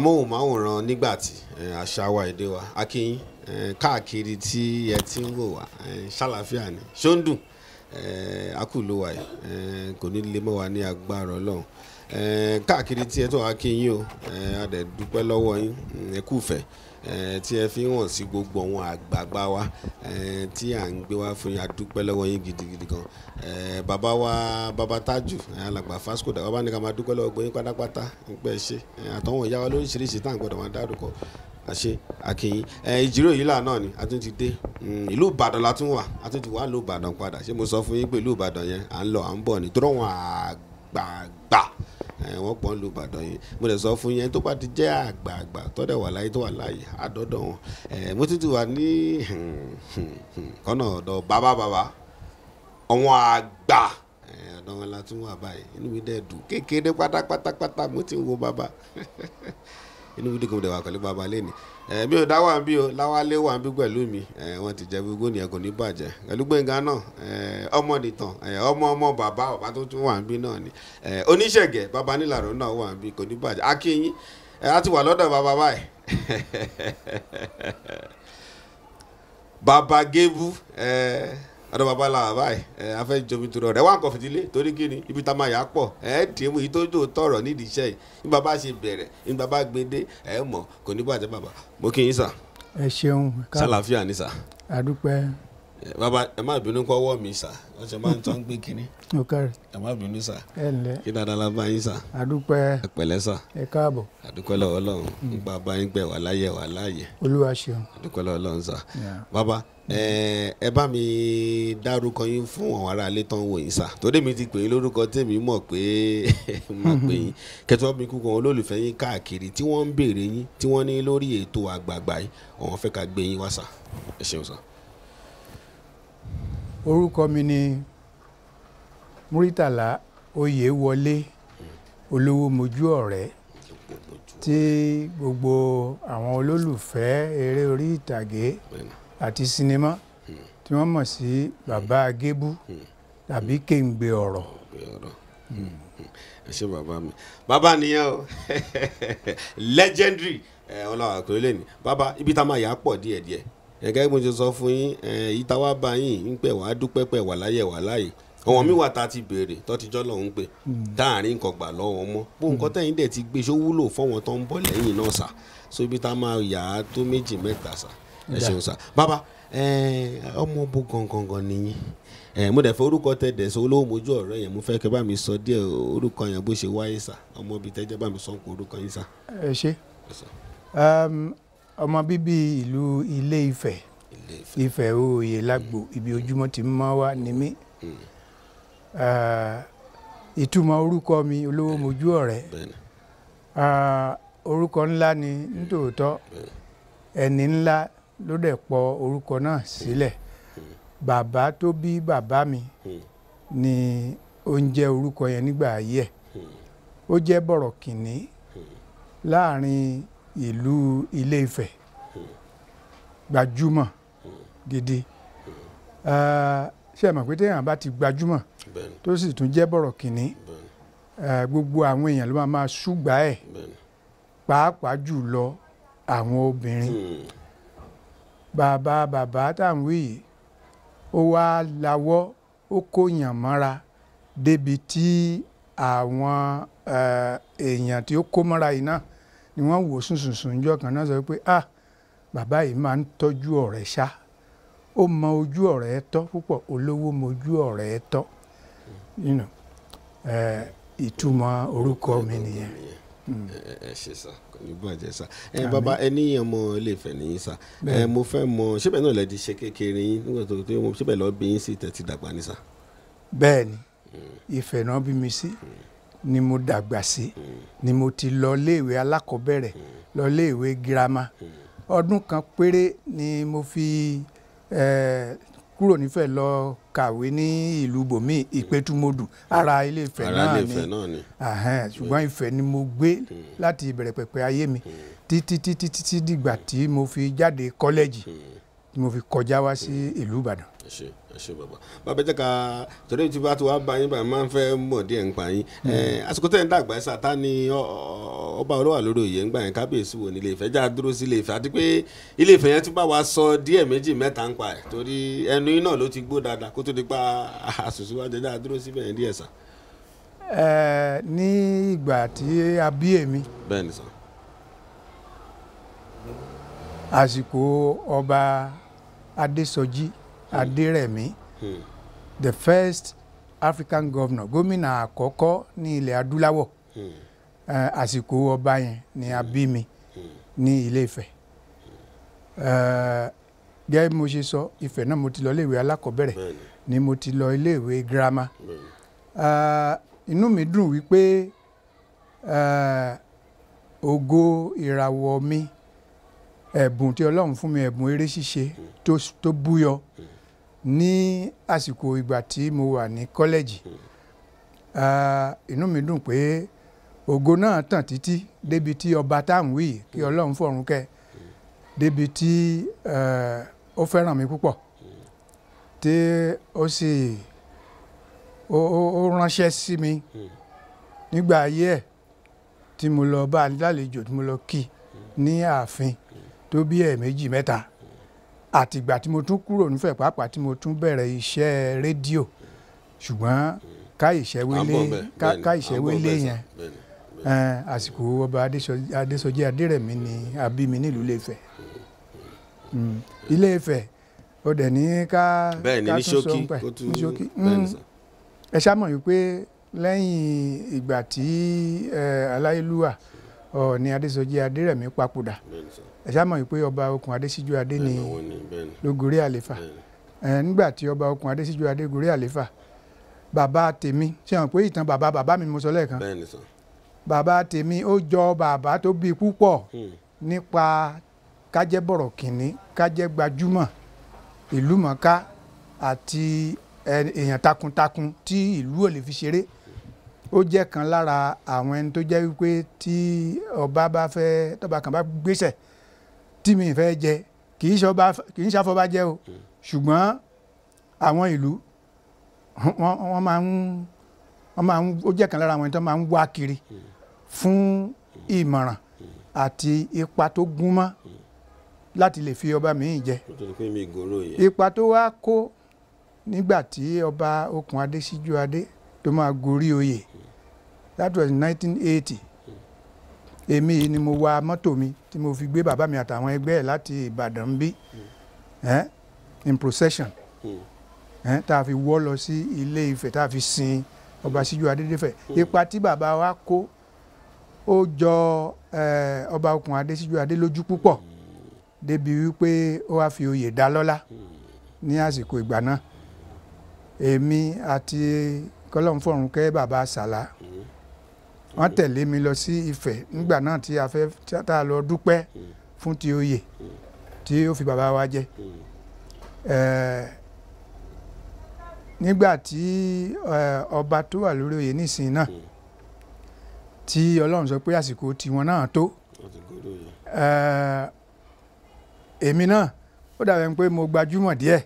amóhùnmáwòrán nígbàtí àṣà wa èdè wa akínyìn káàkiri tí ẹ ti ń wò wá ṣàlàfíà ni ṣó ń dùn akú ló yìí kò ní lè mọ́ wa ní agbára ọlọ́run káàkiri tí ẹ tó wá kí yín o a dẹ̀ dúpẹ́ lọ́wọ́ yín ẹ kú fẹ́ tí ẹ fi hàn sí gbogbo àwọn àgbààgbà wa tí à ń gbé wá fún yín a dúpẹ́ lọ́wọ́ yín gidigidi gan bàbá wa bàbá tájù alàgbà fásitì dàgbà bá ní ká máa dúpẹ́ lọ́wọ́ gbóyin pátápátá nípa ẹ ṣe àtọ̀wọ̀n ìyá wa lóríṣiríṣi tá à ń gbọ́dọ̀ máa dárúkọ àṣe àkìyìn ìjíròrò yìí lànà ni a tún ti dé hmm, ìlú ìbàdàn la tún wà a tún ti wà ìlú ìbàdàn padà ṣé mo sọ fún yín pé ìlú ìbàdàn yẹn à ń lọ à ń bọ̀ ní tó rọ̀ wọn àgbà àgbààgbà wọ́n pọ̀ ń lu ìbàdàn yìí mo lè sọ fún yẹn tó bá ti jẹ́ àgbààgbà tọ́dẹ̀ wà láyé tó wà láyé àdọ́dọ̀ wọn mo ti ti wà ní hmm, hmm, hmm, kọ́nà ọ̀dọ̀ bàbá bàbá ọ̀wọ́n àgbà ọ̀dọ̀ wọn la tún wà báyìí inú mi dẹ̀ dùn kékeré pátápátápátá mo ti ń wo bàbá inú fídíò kòmọdé wà pẹ̀lú bàbá lẹ́ni mi ò dá wà ń bí o láwálé wà ń bí pẹ̀lú mi wọ́n ti jẹ gbogbo nìyẹn kò ní bàjẹ́ pẹ̀lú gbẹ̀ngà náà ọmọ nìtàn ọmọ ọmọ bàbá bàbá tó tún wà ń bí náà ni oníṣẹ̀gẹ̀ bàbá nílàrọ̀ náà wà ń bí kò ní bàjẹ́ akínyín a ti wà lọ́dọ̀ bàbá báyìí bàbá gébú. Eh, àdó bàbá la wà báyìí ẹ afẹ́ jomi tó rọrẹ wà nǹkan fìdílé torí kí ni ibi tá a máa yà á pọ̀ ẹ dì í mú yìí tó dò tọrọ nídìí iṣẹ́ yìí ní bàbá ṣe bẹ̀rẹ̀ ní bàbá gbédé ẹ mọ̀ kò ní bàjẹ́ bàbá mo kí yín sà. ẹ ṣeun ká sàlàfíà ni sà. àdúpẹ́. bàbá ẹ má bínú kọ́ wọ́ mi sà wọ́n ṣe máa ń tán gbé kínní. ó kárẹ̀. ẹ má bínú sà. ẹ ǹlẹ́. kí dáadáa la bá yín sà. àdúpẹ́. ẹ ẹ bá mi dárúkọ yín fún àwọn aráalé tó ń wò yín sà torí mi ti pè é lórúkọ tèmi mọ̀ pé mọ̀ pé yín kẹtù wọn mi kú kan olólùfẹ́ yín káàkiri tí wọ́n ń béèrè yín tí wọ́n ní lórí ètò àgbààgbà yìí àwọn fẹ́ ká gbé yín wá sà ẹ ṣeun sà. orúkọ mi ni Muritala Oyèwọlé olówó mojú ọ̀rẹ́ tí gbogbo àwọn olólùfẹ́ eré orí ìtàgé. Bueno àti sinimá tí wọ́n mọ̀ sí bàbá agébú tàbí kéńgbé ọ̀rọ̀. Hmm. ẹ ṣe bàbá mi bàbá nìyẹn o legendary ọlọ́wà kò lè ní bàbá ibi tá a máa yà á pọ̀ díẹ̀díẹ̀ gẹ́gẹ́ bí mo ti sọ fún yín ìta wá bá yín ń pẹ̀ wá dúpẹ́ pẹ̀ wà láyé wà láyé ọ̀wọ́n mi wà tá a ti béèrè tọ́tíjọ́ lọ́hún pé dáàrin hmm. nǹkan gbà lọ́wọ́ mọ́ bó hmm. nǹkan tẹ̀yìn dẹ̀ ti gbé ṣó wúlò fọ́wọn tó ń bọ̀ lẹ́yìn náà sà so ibi tá a máa yà á tó méjì mẹ́ta sà ẹ ṣeun sá bàbá ọmọ bó gangan nìyí mo dẹ̀ fẹ́ orúkọ tẹ dẹ̀ sọ olówó mojú ọ̀rọ̀ yẹn mo fẹ́ kẹ́ bá mi sọ díẹ̀ orúkọ yẹn bó ṣe wáyé sá ọmọ bíi tẹ́jẹ́ bá mi sọ nǹkan orúkọ yín sá. ẹ ṣe ọmọ bíbí ìlú ilé Ifẹ̀ Ifẹ̀ òòyè lágbo ibi ojúmọ́ ti mọ́ wá ni mí hmm. ìtumọ̀ orúkọ mi olówó mojú ọ̀rẹ́ orúkọ ńlá ni hmm. nítòótọ́ ẹni ńlá ló dẹ̀ pọ orúkọ náà sílẹ̀ bàbá tó bí bàbá mi ni ó ń jẹ́ orúkọ yẹn nígbà ayé ẹ̀ ó jẹ́ bọ̀rọ̀kìnní láàrin ìlú Ilé Ifẹ̀ gbajúmọ̀ gidi ṣe mọ̀ pé téèyàn bá ti gbajúmọ̀ tó sì tún jẹ́ bọ̀rọ̀kìnní gbogbo àwọn èèyàn ló máa máa ṣùgbà ẹ̀ pàápàá jù lọ àwọn obìnrin. Hmm bàbá bàbá tá à ń wí yìí ó wá lawọ́ ó kó yàn mọ́ra débi tí àwọn eh, èèyàn tí ó kó mọ́ra yìí náà ni wọ́n wò sùnsùnsùn jọ kan náà sọ pé ah bàbá yìí máa ń tọ́jú ọ̀rẹ́ ṣá ó mọ ojú ọ̀rẹ́ tọ́ púpọ̀ olówó mọ ojú ọ̀rẹ́ tọ́ eh, ìtumọ̀ orúkọ mi nìyẹn ẹ ṣe sá pẹ̀lú bàjẹ́ sá ẹ bàbá ẹ ní ọmọ ilé Ifẹ̀ nìyí sá ẹ mo fẹ́ mọ ṣébẹ̀ náà lẹ́ẹ̀dí ṣe kékeré yín nígbà tó tó mo ṣébẹ̀ lọ́ọ́ bí yín sí tẹ̀tí dàgbà ní sá. bẹ́ẹ̀ni Ifẹ̀ hmm. náà bí mi sí hmm. ni mo dàgbà sí hmm. ni mo ti lọ léèwé alákọ̀ọ́bẹ̀rẹ̀ lọ léèwé girama ọdún kan péré ni mo fi kúrò nífẹ̀ lọ kàwé ní ìlú bòmí ìpẹ́tùmọ́dù ara ilé Ifẹ̀ náà ni hmm. ṣùgbọ́n Ifẹ̀ ni mo gbé hmm. láti ìbẹ̀rẹ̀ pẹ̀pẹ̀ ayé mi hmm. títí títí títí dìgbà tí mo fi jáde kọ́lẹ́jì tí mo fi kọjá wá sí ìlú Ìbàdàn. ṣe ẹ ṣe bàbá bàbá torí bá ti wá bá yín máa ń fẹ́ mọ̀ díẹ̀ yín àsìkò tẹ̀ ń dàgbà ọba olówà lórí òye yẹn kábíyèsí ní ilé já dúró sí ilé àti pé ilé yẹn wa sọ díẹ̀ méjì mẹ́ta ń pa ẹ̀ torí ẹnu yín náà ló ti gbó kó di pa àṣùṣù wájú já dúró díẹ̀ ẹ ní ìgbà tí a bí èmi. ọba Adésọjí. Adérẹ̀mí hmm. the first African governor gómìnà akoko ni ile adulawo, àsìkò ọba yẹn ni abimi hmm. ni ile ife. ilé Ifẹ̀ eh, gẹ́gẹ́ bí mo ṣe sọ Ifẹ̀ náà mo ti lọ iléèwé alákọ̀ọ́bẹ̀rẹ̀ ni mo ti lọ iléèwé girama eh, inú mi dùn wípé eh, ògo ìràwọ̀ mi ẹ̀bùn tí Ọlọ́run fún mi ẹ̀bùn eré ṣíṣe hmm. tó búyọ ní àsìkò ìgbà tí mo wà ní kọ́lẹ́jì hmm. inú mi dùn pé ògo náà tàn títí débi tí ọba táwọn wí kí hmm. ọlọ́run fọ̀run kẹ́ hmm. débi tí ó fẹ́ràn mi púpọ̀ tí ó sì ó ránṣẹ́ sí mi nígbà ayé ẹ̀ tí mo lọ bá a lálejò tí mo lọ kí ní ààfin tó bí ẹ̀ méjì mẹ́ta àtìgbà tí mo tún kúrò nífẹ̀ẹ́ pàápàá tí mo tún bẹ̀rẹ̀ iṣẹ́ rédíò ṣùgbọ́n ká ìṣẹ́wélé ká ìṣẹ́wélé yẹn àsìkò ọba adésọjí adérẹ̀mí ni abími nílùú Ilé-Ifẹ̀ hmm, Ilé-Ifẹ̀ ó dẹ̀ ní ká ká tún sọ pẹ̀ ní ṣókí hmm, ẹ ṣáàmọ̀ wípé lẹ́yìn ìgbà tí aláyélúwà ọ̀ọ́ni adésọjí adérẹ̀mí papòdà ẹ ṣá mọ̀ pé ọba okùn adésíjú adé ni ló gorí àléfà nígbà tí ọba okùn adésíjú adé gorí àléfà bàbá tèmi ṣe hàn pé ìtàn bàbá bàbá mi mo sọ lẹ́ẹ̀kan bàbá tèmi ó jọ bàbá tó bí púpọ̀ hmm. nípa kájẹ́ bọ̀rọ̀ kìnní kájẹ́ gbajúmọ̀ ìlú mọ̀ọ́ká àti èèyàn takuntakun tí ìlú ò lè fi ṣeré ó jẹ́ kan lára àwọn ẹni tó jẹ́ wípé tí ọba bá fẹ́ tọ́ba kan bá gbéṣẹ̀ tí mi fẹ́ jẹ kì í ṣọba kì í ṣàfọbàjẹ́ o hmm. ṣùgbọ́n àwọn ìlú wọ́n máa ń wọ́n máa ń ó jẹ́ kan lára àwọn ẹni tó máa ń wá kiri hmm. fún hmm. ìmọ̀ràn àti ipa tó gúnmọ́ láti lè fi ọba míì jẹ ipa tó wá kó nígbà tí ọba okùn adé síjú adé tó máa gorí oyè that was nineteen eighty èmi ni mo wa mọ́tò mi tí mo fi gbé bàbá mi àtàwọn ẹgbẹ́ ẹ̀ láti Ìbàdàn ń bí in procession hmm. tá a fi wọ́ lọ sí Ilé Ifẹ̀ tá a fi sin ọba síjú adédèfẹ̀ hmm. ipa tí bàbá wa kó ó jọ ọba okùn adé síjú adé lójú púpọ̀ hmm. débi wípé ó wá fi oyè dá lọ́lá ní àsìkò ìgbà náà èmi àti kọ́lọ́ǹfọ̀rùn kẹ́ bàbá sàlá wọ́n tẹ̀lé mi lọ sí Ifẹ̀ nígbà náà tí a fẹ́ tá a lọ dúpẹ́ fún ti oyè tí ó fi bàbá wa jẹ eh, nígbà tí eh, ọba tó wà lórí oyè nísìnyí náà tí Ọlọ́run sọ pé àsìkò tiwọn náà tó eh, èmi náà ó dàbẹ̀ pé mo gbajúmọ̀ díẹ̀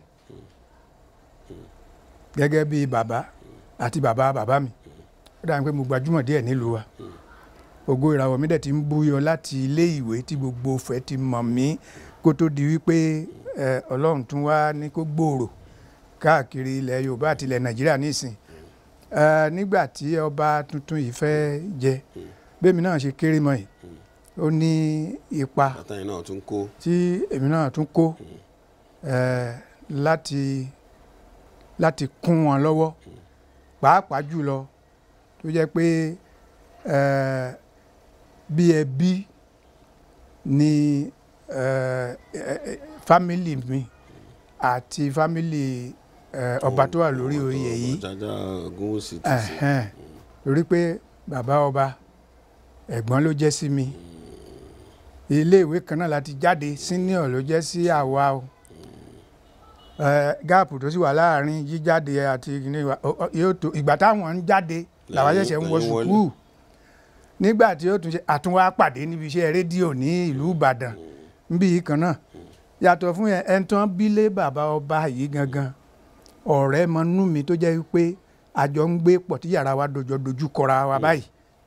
gẹ́gẹ́ bíi bàbá àti bàbá bàbá mi. Mm ó dàbí pé mo gbajúmọ̀ díẹ̀ nílùú wa ògo ìràwọ̀ mi dẹ̀ ti ń búyọ láti ilé ìwé tí gbogbo fẹ́ ti mọ̀ mí kó tó di wípé ọlọ́run tún wá ní kó gbòòrò káàkiri ilẹ̀ yorùbá àti ilẹ̀ nàìjíríà nísìn nígbà tí ọba tuntun yìí fẹ́ jẹ bẹ́ẹ̀ mi náà ṣe kéré mọ́ yìí ó ní ipa tí èmi náà tún kó láti láti kún wọn lọ́wọ́ pàápàá jùlọ tó jẹ́ pé bí ẹbí ni fámìlì mi àti fámìlì ọba tó wà lórí oyè yìí torí pé bàbá ọba ẹ̀gbọ́n ló jẹ́ sí mi ilé ìwé kan náà láti jáde senior ló jẹ́ sí àwa o gáàpù tó sì wà láàrin jíjáde àti yóò ìgbà táwọn ń jáde làwa ṣẹ̀ṣẹ̀ ń wọ sùkúù nígbà tí ó tún ṣe àtúnwá pàdé níbi iṣẹ́ rédíò ní ìlú Ìbàdàn níbi yìí kan náà yàtọ̀ fún yẹn ẹni tán bílé bàbá ọba yìí gangan ọ̀rẹ́ mọ́nú mi tó jẹ́ pé àjọ ń gbé pọ̀ tí yàrá wa dojọ́ dojú kọra wa báyìí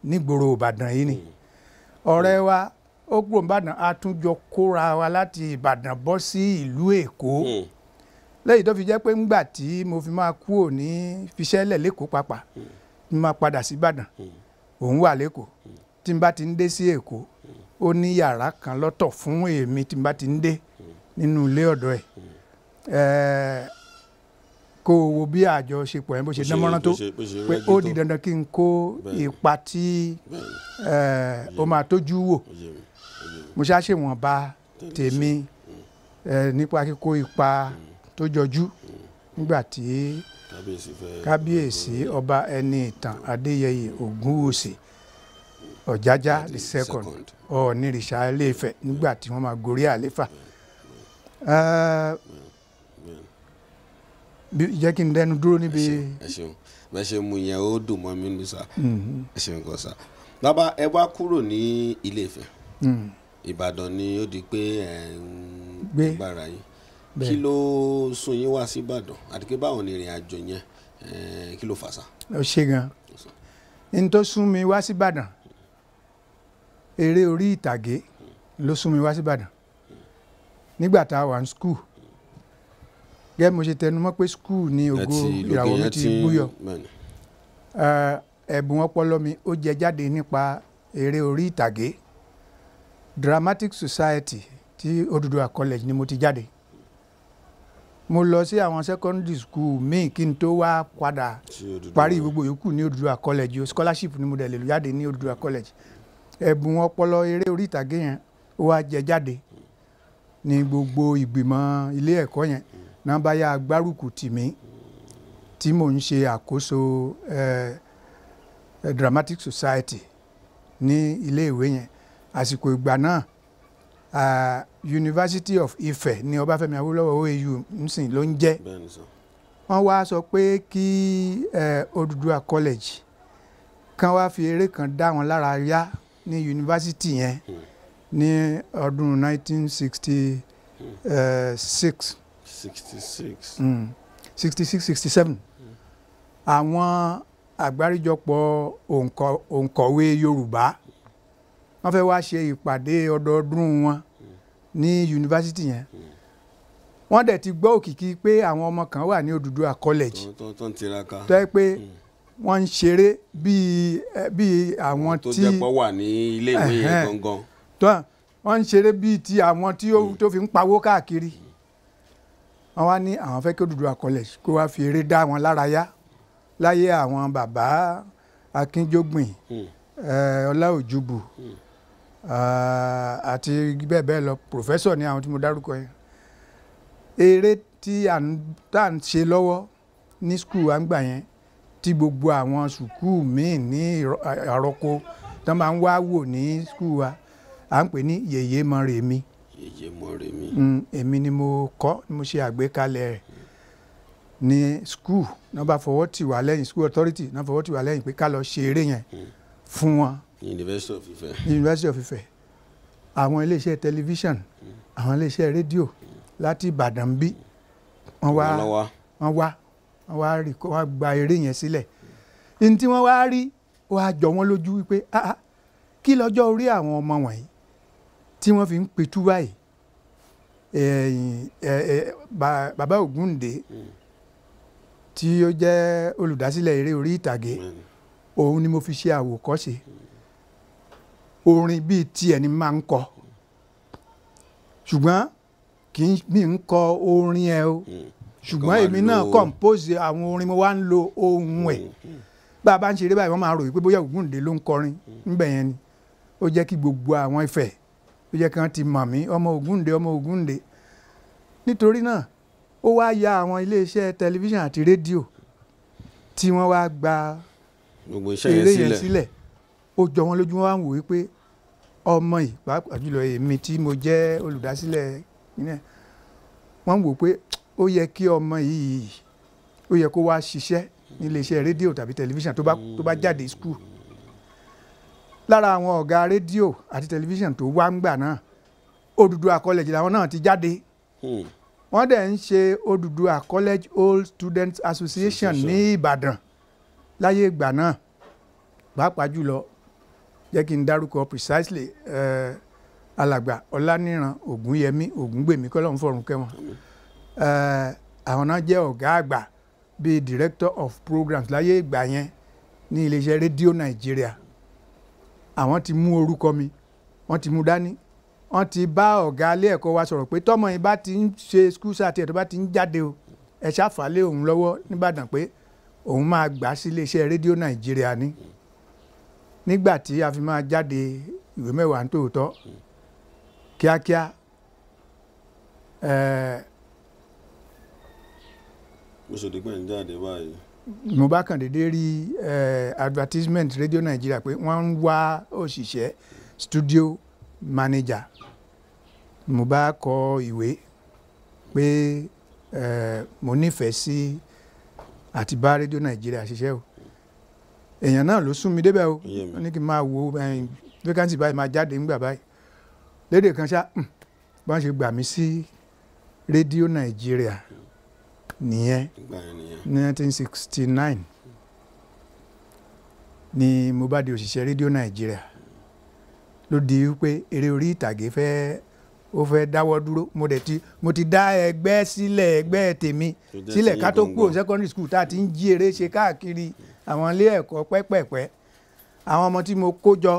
nígboro Ìbàdàn yìí ni ọ̀rẹ́ wa ó kúrò Ìbàdàn a kóra wa láti Ìbàdàn bọ́ sí ìlú Èkó hmm. lẹ́yìn tó fi jẹ́ pé ńgbà tí mo fi máa kúrò ní fiṣẹ́lẹ̀ lẹ́kọ̀ọ́ pàápàá hmm. n máa padà sí Ìbàdàn òun wà lẹ́kọ̀ọ́ tí n bá ti ń dé sí Èkó ó ní yàrá kan lọ́tọ̀ fún èmi tí n bá ti ń dé nínú ilé ọ̀dọ́ ẹ̀ kó o wo bí àjọṣepọ̀ yẹn bó ṣe dánmọ́rán tó pé ó di dandan kí n kó ipa tí ó máa tójú wò mo ṣáà ṣèwọ̀nba tèmi nípa kíkó ipa mm. tó jọjú mm. nígbà tí kábíyèsí ọba ẹni ìtàn adéyẹyè ògúnwùsì ọ̀jájá the second ọ̀ọ́nìrìṣà iléèfẹ̀ nígbà tí wọ́n máa gorí àléfà jẹ́ kí n dẹnu dúró níbi. ẹ ṣeun bẹ́ẹ̀ ṣe mu yẹn ó dùn mọ́ mi nìsa mm-hmm. ẹ ṣeun kan sa bàbá ẹ wá kúrò ní iléèfẹ̀ mm. ìbàdàn ni ó di pé ẹ ń gbára yín kí ló sún yín wá sí Ìbàdàn àti pé báwọn ni ìrìn àjò yẹn eh, kí ló fà sá. ó ṣe gan n tó sún mi wá sí Ìbàdàn eré orí ìtàgé ló sún mi wá sí Ìbàdàn nígbà tá a wà ní skul gẹ́gẹ́ mo ṣe tẹnumọ́ pé skul ni ògo ìràwọ̀ mi ti búyọ eh, ẹ̀bùn ọpọlọ mi ó jẹ jáde nípa eré orí ìtàgé Dramatic Society ti Odùduwà College ni mo ti jáde mo lọ sí àwọn secondary school míì kí n tó wá padà parí gbogbo yòókù ní Odùduwà college scholarship ni mo dẹ̀ lè jáde ní Odùduwà college ẹ̀bùn ọpọlọ eré orí ìtàgé yẹn ó wá jẹ jáde ní gbogbo ìgbìmọ̀ ilé ẹ̀kọ́ yẹn náà bá yá tí mò ń ṣe àkóso dramatic society ní ilé ìwé yẹn àsìkò ìgbà náà University of Ife ni Ọbáfẹ́mi Awólọ́wọ̀ OAU nsìn ló ń jẹ́ wọ́n wá sọ pé kí Odùduwà college kan wá fi eré kan dá wọn lára yá ní yunifásitì yẹn hmm. ní ọdún 1966 66 66 67 àwọn àgbáríjọpọ̀ òǹkọ̀wé Yorùbá wọ́n fẹ́ wá ṣe ìpàdé ọdọọdún wọn ní yunifásitì yẹn wọ́n dẹ̀ ti gbọ́ òkìkí pé àwọn ọmọ kan wà ní Odùduwà college tó ń tiraka tó yẹ pé hmm. wọ́n ń ṣeré bíi bíi àwọn tí tó jẹ́ pọ̀ wà ní ilé ìwé yẹn gangan tó wọ́n ń ṣeré bíi ti àwọn tí tó fi ń pawó káàkiri hmm. wọ́n wá ní àwọn fẹ́ kí Odùduwà college kó wá fi eré dá wọn lárayá láyé àwọn bàbá Akínjógbìn hmm. Ọláòjúbù. Mm. Eh, Ah, àti bẹ́ẹ̀ bẹ́ẹ̀ lọ pòfẹ́sọ̀ ni àwọn tí mo dárúkọ yẹn eré tí à ń ṣe lọ́wọ́ ní skul àgbà yẹn tí gbogbo àwọn sùkúù míì ní àròkọ tó máa ń wá wò ní skul wa à ń pè ní yèyé mọ̀rèmi yèyé mọ̀rèmi mm, èmi ni mo kọ́ ni mo ṣe àgbékalẹ̀ rẹ̀ ní skul náà bá fọwọ́ tì wá lẹ́yìn skul authority náà fọwọ́ tì wá lẹ́yìn pé ká lọ ṣe eré yẹn mm. fún wọn University of Ife. University of Ife àwọn iléeṣẹ́ tẹlifíṣàn àwọn iléeṣẹ́ rédíò láti Ìbàdàn bí wọ́n wá wọ́n wá wọ́n wá rí wọ́n gba eré yẹn sílẹ̀ ní tí wọ́n wá rí wọ́n á jọ wọ́n lójú wípé ah, ah kí lọ́jọ́ orí àwọn ọmọ wọ̀nyí tí wọ́n fi ń pitú báyìí bàbá Ògúndé tí ó jẹ́ olùdásílẹ̀ eré orí ìtàgé òun ni mo fi ṣe àwòkọ́ṣe. Mm orin bíi tiẹ̀ ni máa ń kọ ṣùgbọ́n kì í mi ń kọ orin ẹ o hmm. ṣùgbọ́n èmi náà compose àwọn orin mo wá ń lo ohun hmm. ẹ̀ bá a bá ń ṣeré báyìí wọ́n máa ròyìn pé bóyá Ògúndé ló ń kọrin ńbẹ̀ hmm. yẹn ni ó jẹ́ kí gbogbo àwọn Ifẹ̀ ó jẹ́ kí wọ́n ti mọ̀ mí ọmọ Ògúndé ọmọ Ògúndé nítorí náà ó wá ya àwọn iléeṣẹ́ tẹlifíṣàn àti rédíò tí wọ́n wá gba eré yẹn sílẹ̀ ó jọ wọn lójú wọn wá ń wò wípé ọmọ yìí pàápàá jùlọ èmi tí mo jẹ́ olùdásílẹ̀ nílẹ̀ wọ́n wò pé ó yẹ kí ọmọ yìí ó yẹ kó wá ṣiṣẹ́ nílé iṣẹ́ rédíò tàbí tẹlifíṣàn tó bá tó bá jáde skul lára àwọn ọ̀gá rédíò àti tẹlifíṣàn tó wá ń gbà náà Odùduwà college làwọn náà ti jáde hmm. wọ́n dẹ̀ ń ṣe Odùduwà college old students association ní Ìbàdàn láyé ìgbà náà pàápàá jùlọ jẹ́ kí n dárúkọ precisely eh, alàgbà ọláníran ògúnyẹmí ògúngbèmí kọ́lọ́hún fọ̀run kẹ́wọn eh, àwọn náà jẹ́ ọ̀gá àgbà bíi director of programs láyé ìgbà yẹn ní iléeṣẹ́ rédíò nàìjíríà àwọn ti mú orúkọ mi wọ́n ti mú dání wọ́n ti bá ọ̀gá ilé ẹ̀kọ́ wa sọ̀rọ̀ pé tọ́mọ yìí bá ti ń ṣe school sati ẹ̀ bá ti ń jáde o ẹ̀ ṣàfàlẹ́ òun lọ́wọ́ nìbàdàn pé òun máa gbà sí iléeṣẹ́ rédíò nàìjíríà ní. Mm nígbà tí a fi máa jáde ìwé mẹ́wàá ń tòótọ́ kíákíá eh, mo bá kàn déédé rí eh, advertisement radio Nigeria pé wọ́n ń wá òṣìṣẹ́ studio manager mo bá kọ ìwé pé eh, mo nífẹ̀ẹ́ sí àti radio Nigeria ṣiṣẹ́ o èèyàn náà ló sún mi débẹ̀ o wọ́n ní kí n máa wo eh, vacancy báyìí máa jáde ńgbà báyìí lédè kan ṣá hmm, bí wọ́n ṣe gbà mí sí rédíò nàìjíríà nìyẹn 1969 ni mo bá di òṣìṣẹ́ rédíò nàìjíríà ló di wípé eré orí ìtàgé fẹ́ẹ́ ó fẹ́ dáwọ́ dúró mo dẹ̀ ti mo ti dá ẹgbẹ́ sílẹ̀ ẹgbẹ́ tèmi sílẹ̀ ká tó kúrò secondary school tá a ti ń jí eré ṣe káàkiri àwọn ilé ẹ̀kọ́ pẹ́pẹ̀pẹ́ àwọn ọmọ tí mo kó jọ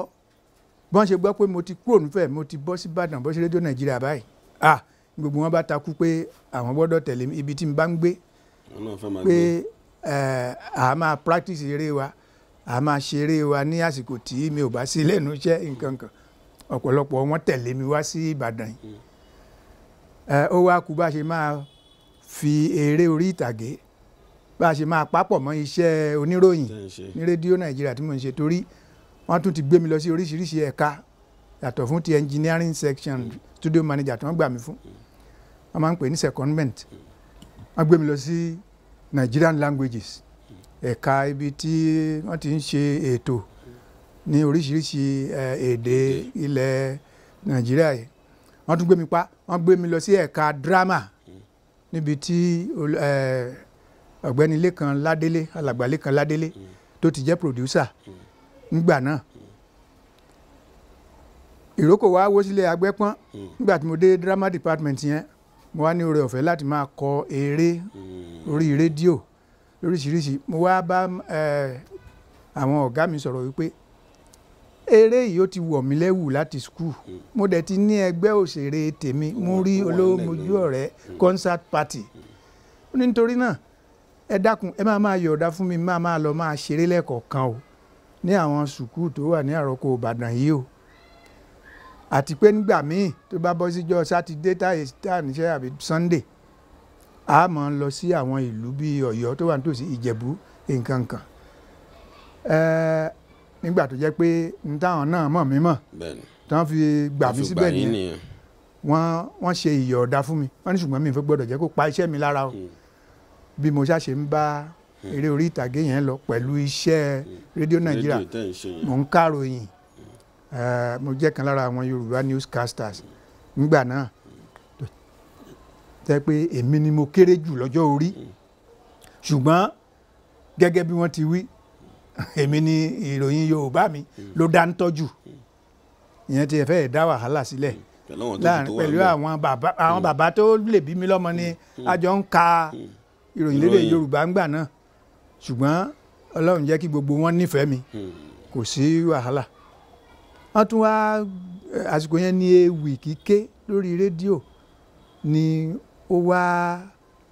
bọ́n ṣe gbọ́ pé mo ti kúrò nífẹ̀ mo ti bọ́ sí Ìbàdàn bọ́ sí rédíò Nàìjíríà báyìí ah gbogbo wọn bá takú pé àwọn gbọ́dọ̀ tẹ̀lé ibi tí n bá ń gbé pé à máa practice eré wa à máa ṣeré wa ní àsìkò tí mi ò bá sí lẹ́nu iṣẹ́ nǹkan kan ọ̀pọ̀lọpọ̀ wọn tẹ̀lé mi wá sí Ìbàdàn yìí ó wá kú bá ṣe máa fi eré orí ìtàgé bá a ṣe máa papọ̀ mọ́ iṣẹ́ oníròyìn ní rédíò Nàìjíríà tí mo ń ṣe torí wọ́n tún ti gbé mi lọ sí oríṣiríṣi ẹ̀ka yàtọ̀ fún ti engineering section mm. studio manager tí wọ́n gbà mí fún wọ́n máa ń pè ní secondment wọ́n gbé mi lọ sí Nigerian languages mm. ẹ̀ka ibi tí wọ́n ti ń ṣe ètò ní oríṣiríṣi èdè ilẹ̀ nàìjíríà yìí wọ́n tún gbé mi pa wọ́n gbé mi lọ sí ẹ̀ka drama hmm. níbi tí ọ̀gbẹ́ni lẹ́kan ládélé alàgbà lẹ́kan ládélé hmm. tó ti jẹ́ producer hmm. nígbà náà ìrókò wa wó sílé agbẹ́pọ́n nígbà tí mo dé drama department yẹn mo wá ní oore ọ̀fẹ́ láti máa kọ eré orí rédíò lóríṣiríṣi mo wá bá àwọn ọ̀gá mi sọ̀rọ̀ wípé eré yìí ó ti wọ̀ mí lẹ́wù láti skul mo dẹ̀ ti ní ẹgbẹ́ òṣèré tèmi mo rí olówó ọ̀rẹ́ concert party nítorí náà ẹ dákun ẹ máa máa yọ̀ọ̀dá fún mi máa máa lọ máa ṣeré lẹ́ẹ̀kọ̀ọ̀kan o ní àwọn sùkúù tó wà ní àròkọ Ìbàdàn yìí o àti pé nígbà míì tó bá bọ́ síjọ́ sátidé táyé táàníṣẹ́ àbí Sunday a máa ń lọ sí àwọn ìlú bíi Ọ̀yọ́ tó wà nítòsí Ìjẹ̀bú nǹkan kan nígbà tó jẹ́ pé n táwọn náà mọ̀ mí mọ̀ tí wọ́n fi gbà mí síbẹ̀ nìyẹn wọ́n wọ́n ṣe ìyọ̀ ọ̀dà fún mi wọ́n ní ṣùgbọ́n mi fẹ́ gbọ́dọ̀ jẹ́ kó pa iṣẹ́ mi lára o hmm. bí mo ṣàṣe ń bá hmm. eré orí ìtàgé yẹn lọ pẹ̀lú iṣẹ́ hmm. rédíò nàìjíríà mò ń kàròyìn eh, mo jẹ́ kan lára àwọn yorùbá newscasters nígbà náà tẹ́ pé èmi ni mo kéré jù lọ́jọ́ orí ṣùgbọ́n gẹ́gẹ́ bí wọ́n ti wí èmi ni ìròyìn Yorùbá mi ló dá ń tọ́jú ìyẹn ti fẹ́ dá wàhálà sílẹ̀ láàrin pẹ̀lú àwọn bàbá àwọn mm. bàbá tó lè bí mi lọ́mọ ni mm. a jọ ń ka mm. ìròyìn lédè Yorùbá ńgbà náà ṣùgbọ́n Ọlọ́run jẹ́ kí gbogbo wọn nífẹ̀ẹ́ mi kò sí wàhálà wọ́n tún wá àsìkò yẹn ní ewì kíké lórí rédíò ni ó wá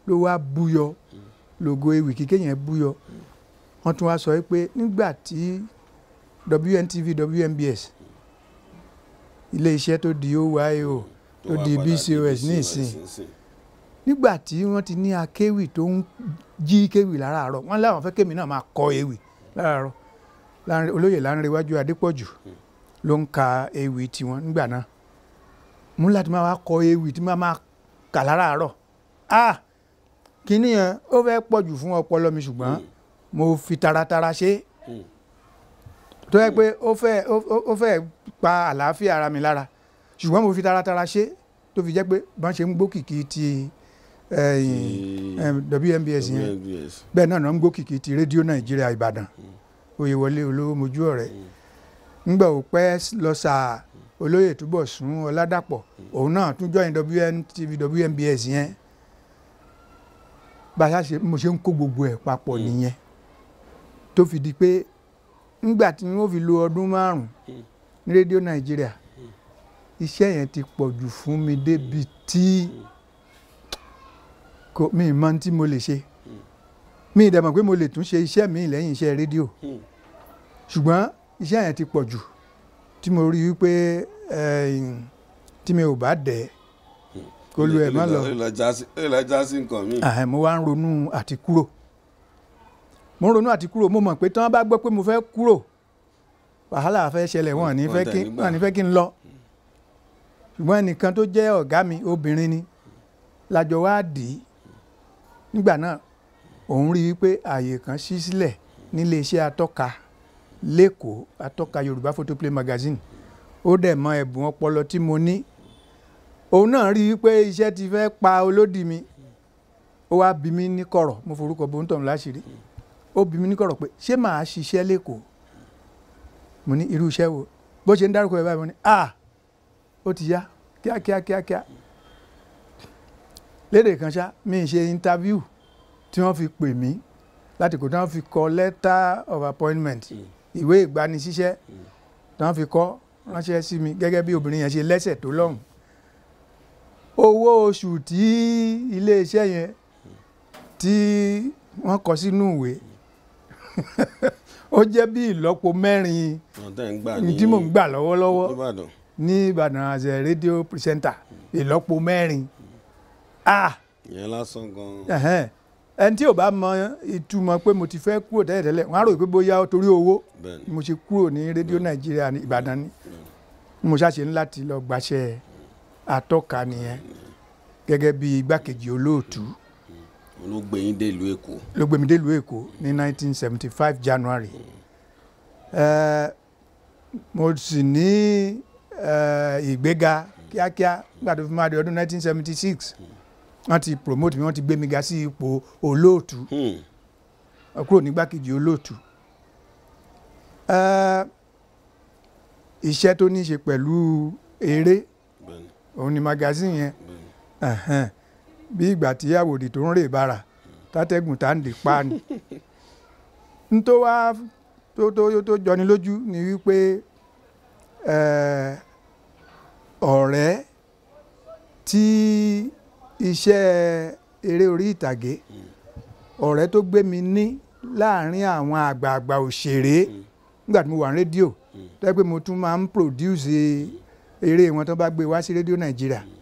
ló wá búyọ lògo ewì kíké yẹn búyọ wọ́n tún wá sọ pé nígbà tí WNTV WNBS ilé iṣẹ́ tó di OYO tó di BCOS ní ìsìn nígbà tí wọ́n ti ní akéwì tó ń jí kéwì láràárọ̀ wọ́n láwọn fẹ́ kémi náà máa kọ ewì láràárọ̀ olóyè Lánrewájú Adépọ̀jù ló ń ka ewì tiwọn nígbà náà mú láti máa wá kọ ewì tí máa máa kà láràárọ̀ ah kínní ó fẹ́ pọ̀jù fún ọpọlọ mi ṣùgbọ́n. Mm mo fi taratara ṣe tó yẹ pé ó fẹ́ ó fẹ́ pa àlàáfíà ara mi lára ṣùgbọ́n mo fi taratara ṣe tó fi jẹ́ pé bá ń ṣe ń gbókìkì ti eh, WNBS yẹn bẹ́ẹ̀ náà ń gbókìkì ti rédíò nàìjíríà ìbàdàn oyèwọlé olówó mojú ọ̀rẹ́ mm. ńgbà ò pẹ́ lọ sáà olóyè túbọ̀sún ọládàpọ̀ mm. òun náà tún join WNTV WNBS yẹn bá a ṣe mo ṣe ń kó gbogbo ẹ̀ papọ̀ mm. nìyẹn. Mm tó fi di pé ńgbà tí wọ́n fi lo ọdún márùn hmm. ní rédíò nàìjíríà hmm. iṣẹ́ yẹn ti pọ̀ jù fún mi débi hmm. tí kò mi mọ tí mo lè ṣe mi ì dàmọ̀ pé mo lè tún ṣe iṣẹ́ mi lẹ́yìn iṣẹ́ rédíò ṣùgbọ́n iṣẹ́ yẹn ti pọ̀ jù tí mo rí wípé eh, tí mi ò bá dẹ̀ kó lu ẹ̀ mọ́ lọ. ó lè já nǹkan mi. mo wá ń ronú àti kúrò mo ń ronú àti kúrò mo mọ̀ pé tí wọ́n bá gbọ́ pé mo fẹ́ kúrò wàhálà fẹ́ ṣẹlẹ̀ wọn ní fẹ́ kí wọn ní fẹ́ kí n lọ ṣùgbọ́n ẹnìkan tó jẹ́ ọ̀gá mi obìnrin ni lájọ wá dì í nígbà náà òun rí i pé ààyè kan ṣí sílẹ̀ nílé atọ́ka lẹ́kọ̀ọ́ atọ́ka Yorùbá photoplay magazine ó dẹ̀ mọ ẹ̀bùn ọpọlọ tí mo ní òun náà rí i pé iṣẹ́ ti fẹ́ pa olódì mi ó wá bí mi ní kọ̀rọ̀ mo forúkọ bóńtọ̀ láṣìírí ó bí mi ní kọ̀rọ̀ pé ṣé màá ṣiṣẹ́ lẹ́kọ̀ọ́ mo ní irú iṣẹ́ wo bó ṣe ń dárúkọ ẹ̀ báyìí ní ah ó ti yá kíákíá kíákíá lédè kan ṣá mi ṣe interview tí wọ́n fi pè mí láti kó tí wọ́n fi kọ letter of appointment hmm. ìwé ìgbanisíṣẹ́ tí wọ́n fi kọ ránṣẹ́ sí mi gẹ́gẹ́ bí obìnrin yẹn ṣe lẹ́sẹ̀ tó lọ́hùn owó oṣù tí iléeṣẹ́ yẹn tí wọ́n kọ sínú ìwé ó jẹ́ bí ìlọ́po mẹ́rin tí mò ń gbà lọ́wọ́lọ́wọ́ ní Ìbàdàn as a radio presenter ìlọ́po mẹ́rin. Ah! ìyẹn lásán gan-an. ẹni tí ò bá mọ ìtumọ̀ pé mo ti fẹ́ kúrò tẹ́lẹ̀tẹ́lẹ̀ wọ́n á rò pé bóyá torí owó mo ṣe kúrò ní rédíò Nàìjíríà Ìbàdàn ni mo ṣàṣe ń láti lọ gbàṣẹ atọ́ka nìyẹn gẹ́gẹ́ bí igbákejì olóòtú. Mm ló gbé yín dé ìlú èkó. ló gbé mi dé ìlú èkó ní 1975 January uh, mo sì ní eh, ìgbéga kíákíá nígbà tó fi máa di ọdún 1976 wọ́n ti promote mi wọ́n ti gbé mi ga sí ipò olóòtú hmm. kúrò nígbàkejì olóòtú eh, iṣẹ́ tó ní í ṣe pẹ̀lú eré òun ni magazine yẹn. Mm. Uh -huh bí ìgbà tí àwòdì tó ń rè bára tátẹ́gùn tá ń dè pa ni. n tó wá tó tó tó jọni lójú ni wípé ọ̀rẹ́ tí iṣẹ́ eré orí ìtàgé ọ̀rẹ́ tó gbé mi ní láàrin àwọn àgbààgbà òṣèré nígbà tí mo wà ní rédíò hmm. tẹ́ pé mo tún máa ń produce eré wọn tó bá gbé wá sí rédíò nàìjíríà. Mm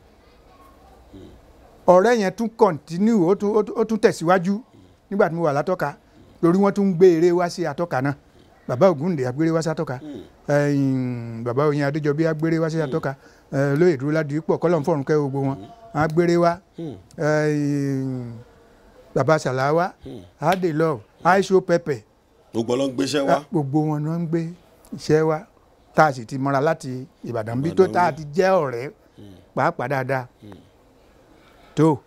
ọ̀rẹ́ yẹn tún kọ̀ntínú ó tún tẹ̀síwájú nígbà tí mo wà látọ́ka lórí wọ́n tún gbé eré wá sí atọ́ka náà bàbá Ògúndé agbére wá sí atọ́ka bàbá Oyin Adéjọbí agbére wá sí atọ́ka lóye dúró ládùú pọ̀ kọ́lọ̀ ń fọ̀rùn kẹ́ gbogbo wọn agbére wá bàbá Sàláwá adé love aisho pẹpẹ. gbogbo ló ń gbéṣẹ́ wá. gbogbo wọn ló ń gbé iṣẹ́ wá ah, tá a sì ti mọ́ra láti Ìbàdàn bí tó tá a ti jẹ́ ọ̀rẹ́ pàápàá dáadáa hmm tó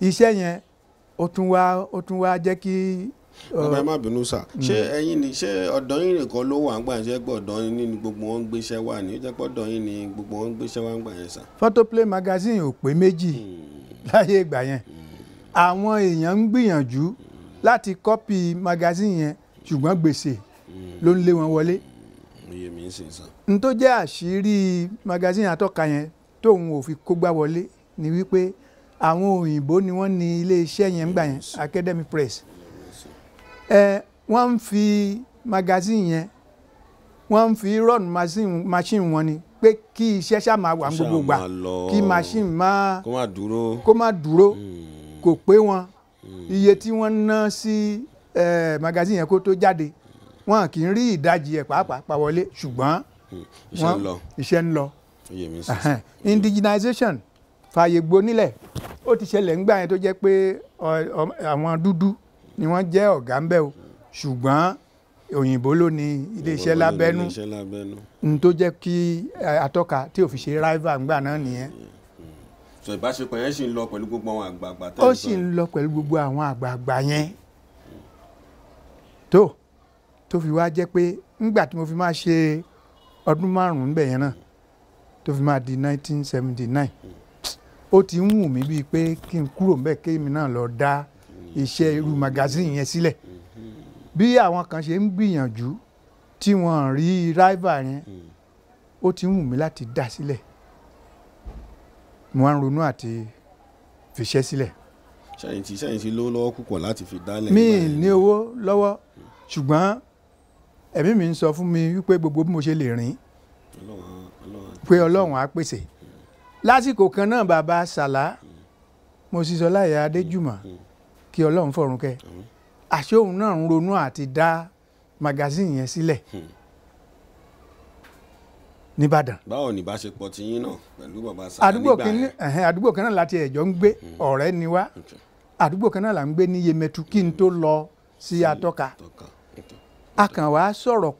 iṣẹ́ yẹn ó tún wá ó tún wá jẹ́ kí. bàbá ẹ uh, má bínú sà mm. ṣé ẹ̀yin ni ṣé ọ̀dọ̀ yín nìkan ló wà ń gbà ṣe pé ọ̀dọ̀ yín ni gbogbo wọn ń gbéṣẹ́ wà ní jẹ́ pé ọ̀dọ̀ yín ni gbogbo wọn ń gbéṣẹ́ wà ń gbà yẹn sà. photoplay magazine ò pé méjì mm. láyé ìgbà yẹn mm. àwọn èèyàn ń gbìyànjú láti kọ́pì magazine yẹn ṣùgbọ́n gbèsè ló ń lé wọn wọlé. iye mi ń sìn sàn. n tó jẹ́ àṣírí magazine àtọ́ka yẹn tóun ò fi kógbá wọlé ni wípé àwọn òyìnbó ni wọ́n ní iléeṣẹ́ yẹn gbà yẹn academy press ẹ wọ́n ń fi magazine yẹn wọ́n ń fi run machine wọn ni pé kí iṣẹ́ ṣáà máa wà gbogbo gbà kí machine máa kó má dúró hmm. kò pé wọn hmm. iye tí wọ́n ná sí magazine yẹn kó tó jáde wọn kì í rí ìdajì ẹ̀ pàápàá pa wọlé ṣùgbọ́n hmm. iṣẹ́ ń lọ indigenization. Mm fààyè gbonílẹ̀ ó ti ṣẹlẹ̀ ńgbà yẹn tó jẹ́ pé àwọn dúdú ni wọ́n jẹ́ ọ̀gá ńbẹ́ o ṣùgbọ́n òyìnbó ló ní iléeṣẹ́ lábẹ́nú n tó jẹ́ kí atọ́ka tí ò fi ṣe rival ńgbà náà nìyẹn. Mm, mm. sọ ìbáṣepọ̀ yẹn ṣì ń lọ pẹ̀lú gbogbo àwọn àgbààgbà tẹ́lẹ̀ sọ. ó ṣì ń lọ pẹ̀lú gbogbo àwọn àgbààgbà yẹn tó tó fi wá jẹ́ pé ńgbà tí mo fi máa ṣe ọdún márùn-ún bẹ̀yẹn náà tó fi máa di nineteen seventy nine. Mm ó ti ń wù mí bíi pé kí n kúrò mbẹ kémi náà lọ dá iṣẹ́ irú magazine yẹn sílẹ̀ bí àwọn kan ṣe ń gbìyànjú tí wọ́n rí rival yẹn ó ti ń wù mí láti dá sílẹ̀ mo wá ń ronú àti fiṣẹ́ sílẹ̀. ṣàyìntì ṣàyìntì ló lọ́wọ́ púpọ̀ láti fi dálẹ̀. mi ní owó lọ́wọ́ ṣùgbọ́n ẹ̀mí mi ń sọ fún mi wípé gbogbo bí mo ṣe lè rìn pé ọlọ́run á pèsè lásìkò kan náà bàbá sàlá Mọ́sísọláyà Adéjùmọ̀ mm, mm. kí Ọlọ́run fọ̀run kẹ́ mm. àṣé òun náà ń ronú àti dá magazine yẹn sílẹ̀ nìbàdàn. báwo ni ìbáṣepọ̀ ti yín náà pẹ̀lú bàbá sàlá nígbà yẹn. àdúgbò kan náà láti ẹ̀jọ́ ń gbé ọ̀rẹ́ ni wá àdúgbò kan náà là ń gbé ní Yemẹtu kí n tó lọ sí Atọ́ka a kàn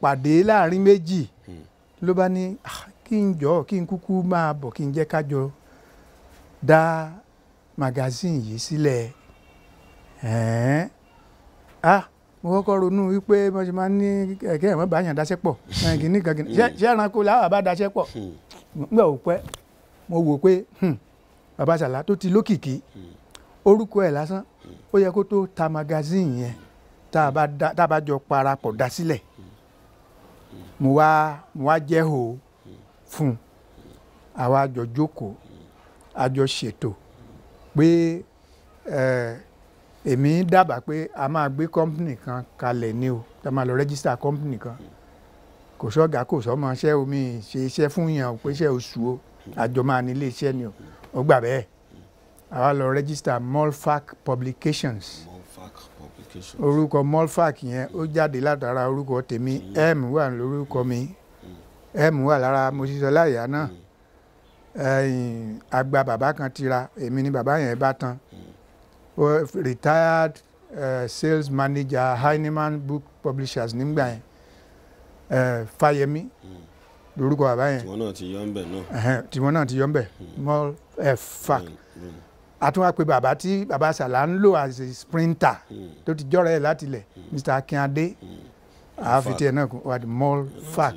pàdé láàrin méjì ló bá ní ah, kí n jọ kí n kúkú máa bọ̀ kí n jẹ́ kájọ dá magazine yìí sílẹ̀ ah mo kọ́kọ́ ronú wípé mo ṣe máa ń ní kẹ̀kẹ́ ẹ̀mọ́ bá yàn dáṣẹ́ pọ̀ gíní gàgíní ṣé ẹranko làwọn bá dáṣẹ́ pọ̀ nígbà ò pẹ́ mo wò pé hmm, bàbá sàlá tó ti lókìkí orúkọ ẹ̀ lásán ó yẹ kó tó ta magazine yẹn tá a bá jọ parapọ̀ dá sílẹ̀ mo wá mo wá jẹ́ hò fún un àwa àjọ jókòó àjọ ṣètò pé èmi dábàá pé a máa gbé company kan kalẹ̀ ni o tá a máa lọ register company kan kò sọ́gà kò sọ́mọṣẹ́ omi ṣe iṣẹ́ fún yàn ò pé iṣẹ́ oṣù o àjọ máa ní ilé iṣẹ́ ni o ó gbà bẹ́ẹ̀ àwa lọ register Molfac Publications orúkọ Molfac yẹn ó jáde látara orúkọ tèmi m wà lórúkọ mi m wà lára Mosísọlá ìyá hmm. náà àgbà bàbá kan tira èmi ni bàbá yẹn bá tán hmm. retired uh, sales manager Heineman book publishers nígbà yẹn uh, Fáyẹmí hmm. lórúkọ bàbá yẹn tiwọn náà ti yọ ńbẹ náà tiwọn náà ti yọ ńbẹ mall fac àtúnwá pé bàbá tí bàbá sàlá ń lò as a sprinter tó ti jọra ẹ látilẹ̀ Mr. Akínadé. Mm àfitì ẹ̀ náà kò wá di mall fac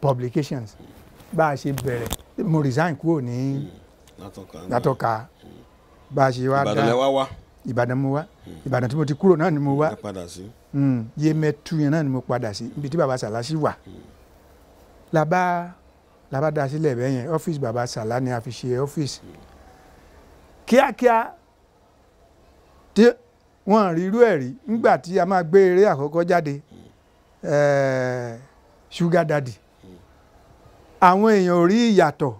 publications bá a ṣe bẹ̀rẹ̀ mo resign kúrò ní hmm, látọ̀ka hmm. bá a ṣe wá dá ìbàdàn wá wá ìbàdàn mo wá hmm. ìbàdàn tí mo ti kúrò náà ni mo wá yémẹtu yẹn náà ni mo padà sí ibi tí baba sàlásì wà làbá làbá da sílẹ̀ bẹ́ẹ̀ yẹn ọ́fíìsì baba sàlá ni a fi ṣe ọ́fíìsì kíákíá tí wọ́n rí irú ẹ̀ rí nígbà tí a máa gbé eré àkọ́kọ́ jáde Eh, sugar daddy àwọn èèyàn ò rí ìyàtọ̀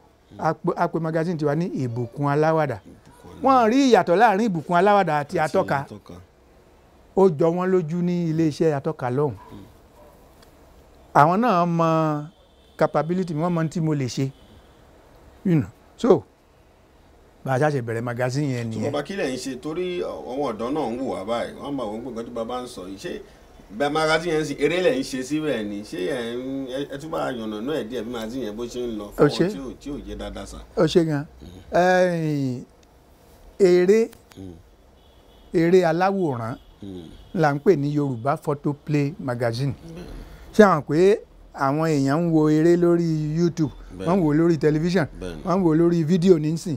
àpè magazine tiwa ní ìbùkún aláwàdà wọ́n rí ìyàtọ̀ láàrin ìbùkún aláwàdà àti atọ́ka ó jọ wọ́n lójú ní iléeṣẹ́ atọ́ka lọ́hùn àwọn náà mọ capability mi wọ́n mọ tí mo lè ṣe you know so bá a ṣàṣẹ bẹ̀rẹ̀ magazine yẹn nìyẹn. tí mo bá kílẹ̀ ń ṣe torí àwọn ọ̀dọ́ náà ń wò wá báyìí wọ́n máa wọ́n gbọ́ngàn tí bàbá ń sọ yìí ṣé bẹ magazine yẹn sì eré lẹ̀ ń ṣe síbẹ̀ ni ṣé ẹ tún bá yànnà náà díẹ̀ bí magazine yẹn bó ṣe ń lọ fún ọ tí ò jẹ́ dáadáa sà. ó ṣe gan eré hmm. eré aláwòrán hmm. là ń pè ní Yorùbá photoplay magazine ṣé àwọn pé àwọn èèyàn ń wo eré lórí YouTube wọ́n ń wo lórí tẹlifíṣàn wọ́n ń wo lórí fídíò nísìn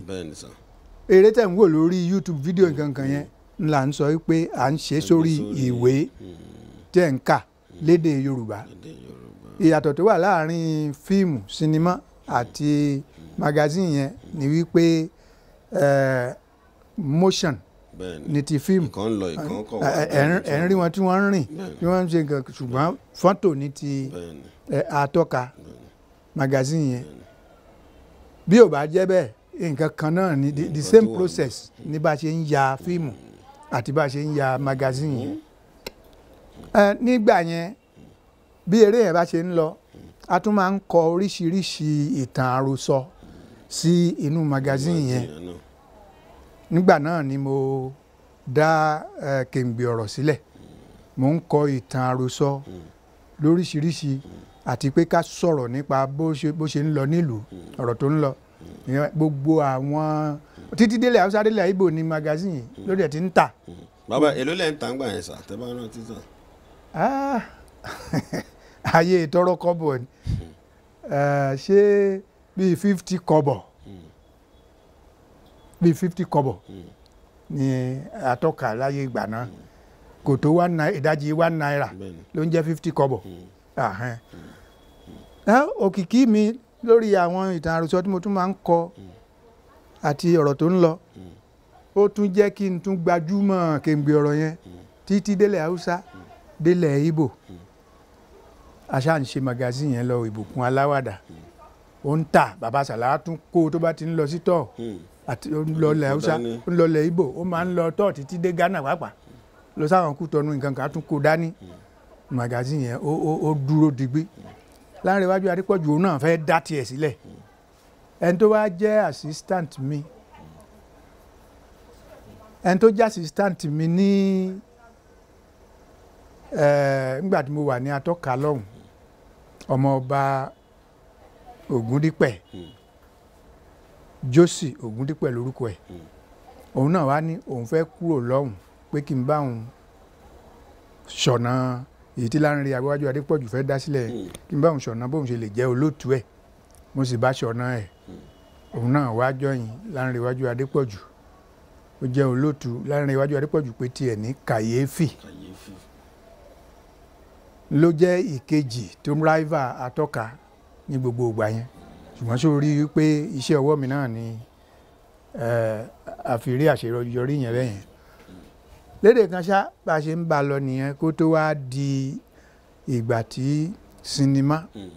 eré tẹ̀ ń wò lórí YouTube fídíò hmm. nǹkan kan yẹn là ń sọ pé à ń ṣe sórí ìwé jẹ́ ń kà lédè Yorùbá ìyàtọ̀ tó wà láàrin fíìmù sinimá àti magazine yẹn ni wípé motion ní ti fíìmù ẹ̀ ń rí wọn tí wọ́n ń rìn tí wọ́n ń ṣe nǹkan ṣùgbọ́n fọ́tò ní ti àtọ́ka magazine yẹn bí ò bá jẹ́ bẹ́ẹ̀ nǹkan kan náà ni the same process Ni bá a ṣe ń ya fíìmù àti bá ṣe ń ya magazine yẹn nígbà yẹn bí eré yẹn bá ṣe ń lọ a tún máa ń kọ oríṣiríṣi ìtàn àròsọ sí inú magazine yẹn nígbà náà ni mo dá kèǹgbè ọ̀rọ̀ sílẹ̀ mo ń kọ ìtàn àròsọ lóríṣiríṣi àti pé ká sọ̀rọ̀ nípa bó ṣe ń lọ nílùú ọ̀rọ̀ tó ń lọ gbogbo àwọn títí délé haúsá délé ibo ni magazine lórí ẹ̀ ti ń tà. bàbá èló lẹ́ ń tà ń yẹn sà tẹ́ bá rántí sàn. Ah. ayé ìtọ́rọ́ kọ́bọ̀ ni eh, ṣé bíi fifty kọ́bọ̀ bíi fifty kọ́bọ̀ ni atọ́ka láyé ìgbà náà kò tó one naira ìdajì one naira ló ń jẹ́ fifty kọ́bọ̀ ah, òkìkí mi lórí àwọn ìtàn àròsọ tí mo tún máa ń kọ àti ọ̀rọ̀ tó ń lọ ó tún jẹ́ kí n tún gbajúmọ̀ kéǹgbè ọ̀rọ̀ yẹn títí délẹ̀ haúsá. Mm délẹ̀ ibo aṣáà ń ṣe magazine yẹn lọ ìbùkún aláwàdà ó ń tà bàbá sàlá tún kó tó bá ti ń lọ sí tọ̀ àti ó ń lọlẹ̀ haúsá ó ń lọlẹ̀ ibo ó máa ń lọ tọ̀ títí dé Ghana pàápàá lọ sáwọn kútọ́nu nǹkan kan tún kó dání magazine yẹn ó dúró digbí Lánrewájú Adépọ̀jù òun náà fẹ́ dá tiẹ̀ sílẹ̀ ẹni tó wá jẹ́ assistant mi ẹni tó jẹ́ assistant mi ní. Ni nígbà tí mo wà ní atọ́ka lọ́hùn ọmọọba Ògúndípẹ̀ hmm. Jósì Ògúndípẹ̀ lórúkọ ẹ̀ hmm. òun náà wá ní òun fẹ́ kúrò lọ́hùn pé kí n bá òun ṣọ̀nà èyí tí Láńre Agbáwájú Adépọ̀jù fẹ́ dá sílẹ̀ hmm. kí n bá òun ṣọ̀nà bóun ṣe lè jẹ́ olóòtú ẹ̀ mo sì bá ṣọ̀nà ẹ̀ òun náà wá jọyìn Láńre Iwájú Adépọ̀jù ó jẹ́ olóòtú Láńre Iwájú Adépọ̀jù pé tiẹ̀ ní kàyéfì ló jẹ́ ìkejì tó ń ráìvà atọ́ka ní gbogbo ìgbà yẹn ṣùgbọ́n ṣó rí i pé iṣẹ́ ọwọ́ mi náà ni àfìrí àṣeyọrí yẹn lẹ́yìn lédè kan ṣá bá a ṣe ń bá a lọ nìyẹn kó tó wá di ìgbà tí sinimá mm.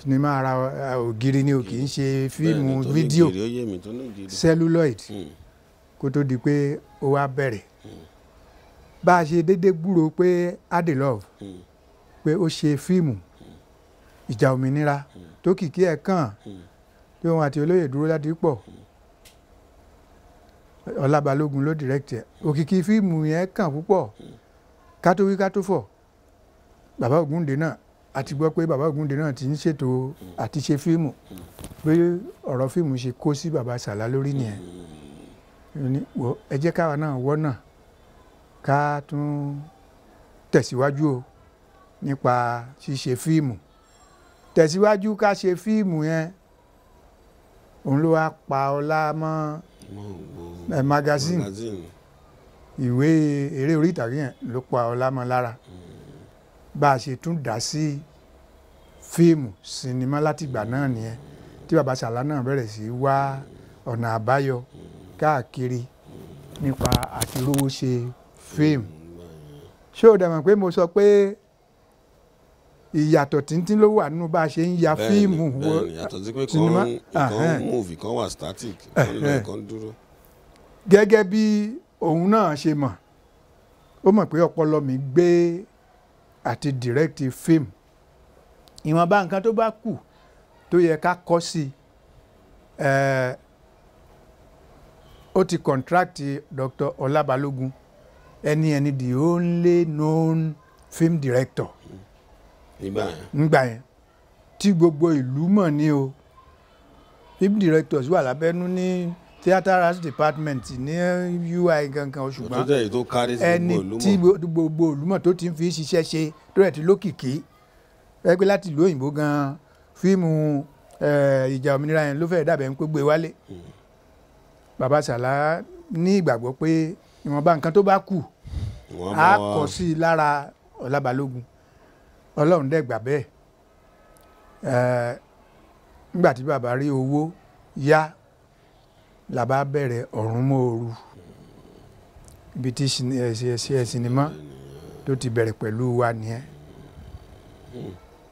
sinimá ara ògiri ni o kì í ṣe fíìmù fídíò celluloid mm. kó tó di pé ó wá bẹ̀rẹ̀ bá a ṣe déédéé gbúròó pé Adelove hmm. pé ó ṣe fíìmù ìjà òmìnira hmm. tó kìkì ẹ̀ kàn tí hmm. òun àti olóyè dúró láti pọ̀ Ọlábalógun ló dìrẹ́kìtì ẹ̀ òkìkí fíìmù yẹn kàn púpọ̀ kátó wí kátó fọ̀ bàbá Ògúndé náà àti gbọ́ pé bàbá Ògúndé náà ti ń ṣètò àti ṣe fíìmù pé ọ̀rọ̀ fíìmù ṣe kó sí bàbá Sàlá lórí nìyẹn ẹ jẹ́ káwa náà wọ́n náà ká tún tẹ̀síwájú o nípa ṣíṣe fíìmù tẹ̀síwájú ká ṣe fíìmù yẹn òun ló wá pa ọlá mọ́ magazine ìwé eré orí ìtàgé yẹn ló pa ọlá mọ́ lára mm. bá a ṣe tún dá sí fíìmù sinimá látìgbà náà nìyẹn tí baba sàlá náà bẹ̀rẹ̀ sí wá ọ̀nà àbáyọ mm. káàkiri nípa àtirówó ṣe fíìmù ṣé o dàmọ̀ pé mo sọ pé ìyàtọ̀ tíntín ló wà nínú bá a ṣe ń ya fíìmù wo sinimá ìkan múùfì kan wà static ìkan dúró. gẹ́gẹ́ bí òun náà ṣe mọ̀ ó mọ̀ pé ọpọlọ mi gbé àti direct fíìmù ìwọ̀nba nǹkan tó bá kù tó yẹ ká kọ́ sí eh, ó ti contract Dr. Ọlábalógun ẹni ẹni the only known film director. nígbà yẹn. nígbà yẹn tí gbogbo ìlú mọ̀ ní o film directors wà lábẹ́nú ní theatre arts department ní UI gangan ṣùgbọ́n ẹni tí gbogbo ìlú mọ̀ tó ti ń fi ṣiṣẹ́ ṣe tó rẹ̀ ti lókìkí ẹgbẹ́ láti ìlú òyìnbó gan fíìmù ìjà òmìnira yẹn ló fẹ́ dàbẹ̀ ń pé gbé wálé hmm. bàbá sàlá ní ìgbàgbọ́ pé ìwọ̀nba nǹkan tó bá kù a kọ sí i lára ọlábalógun ọlọ́run dẹ̀ gbà bẹ́ẹ̀ nígbà tí bàbá rí owó yá làbá bẹ̀rẹ̀ ọ̀run mòoru ibi tí ṣe sinimá tó ti bẹ̀rẹ̀ pẹ̀lú wa nìyẹn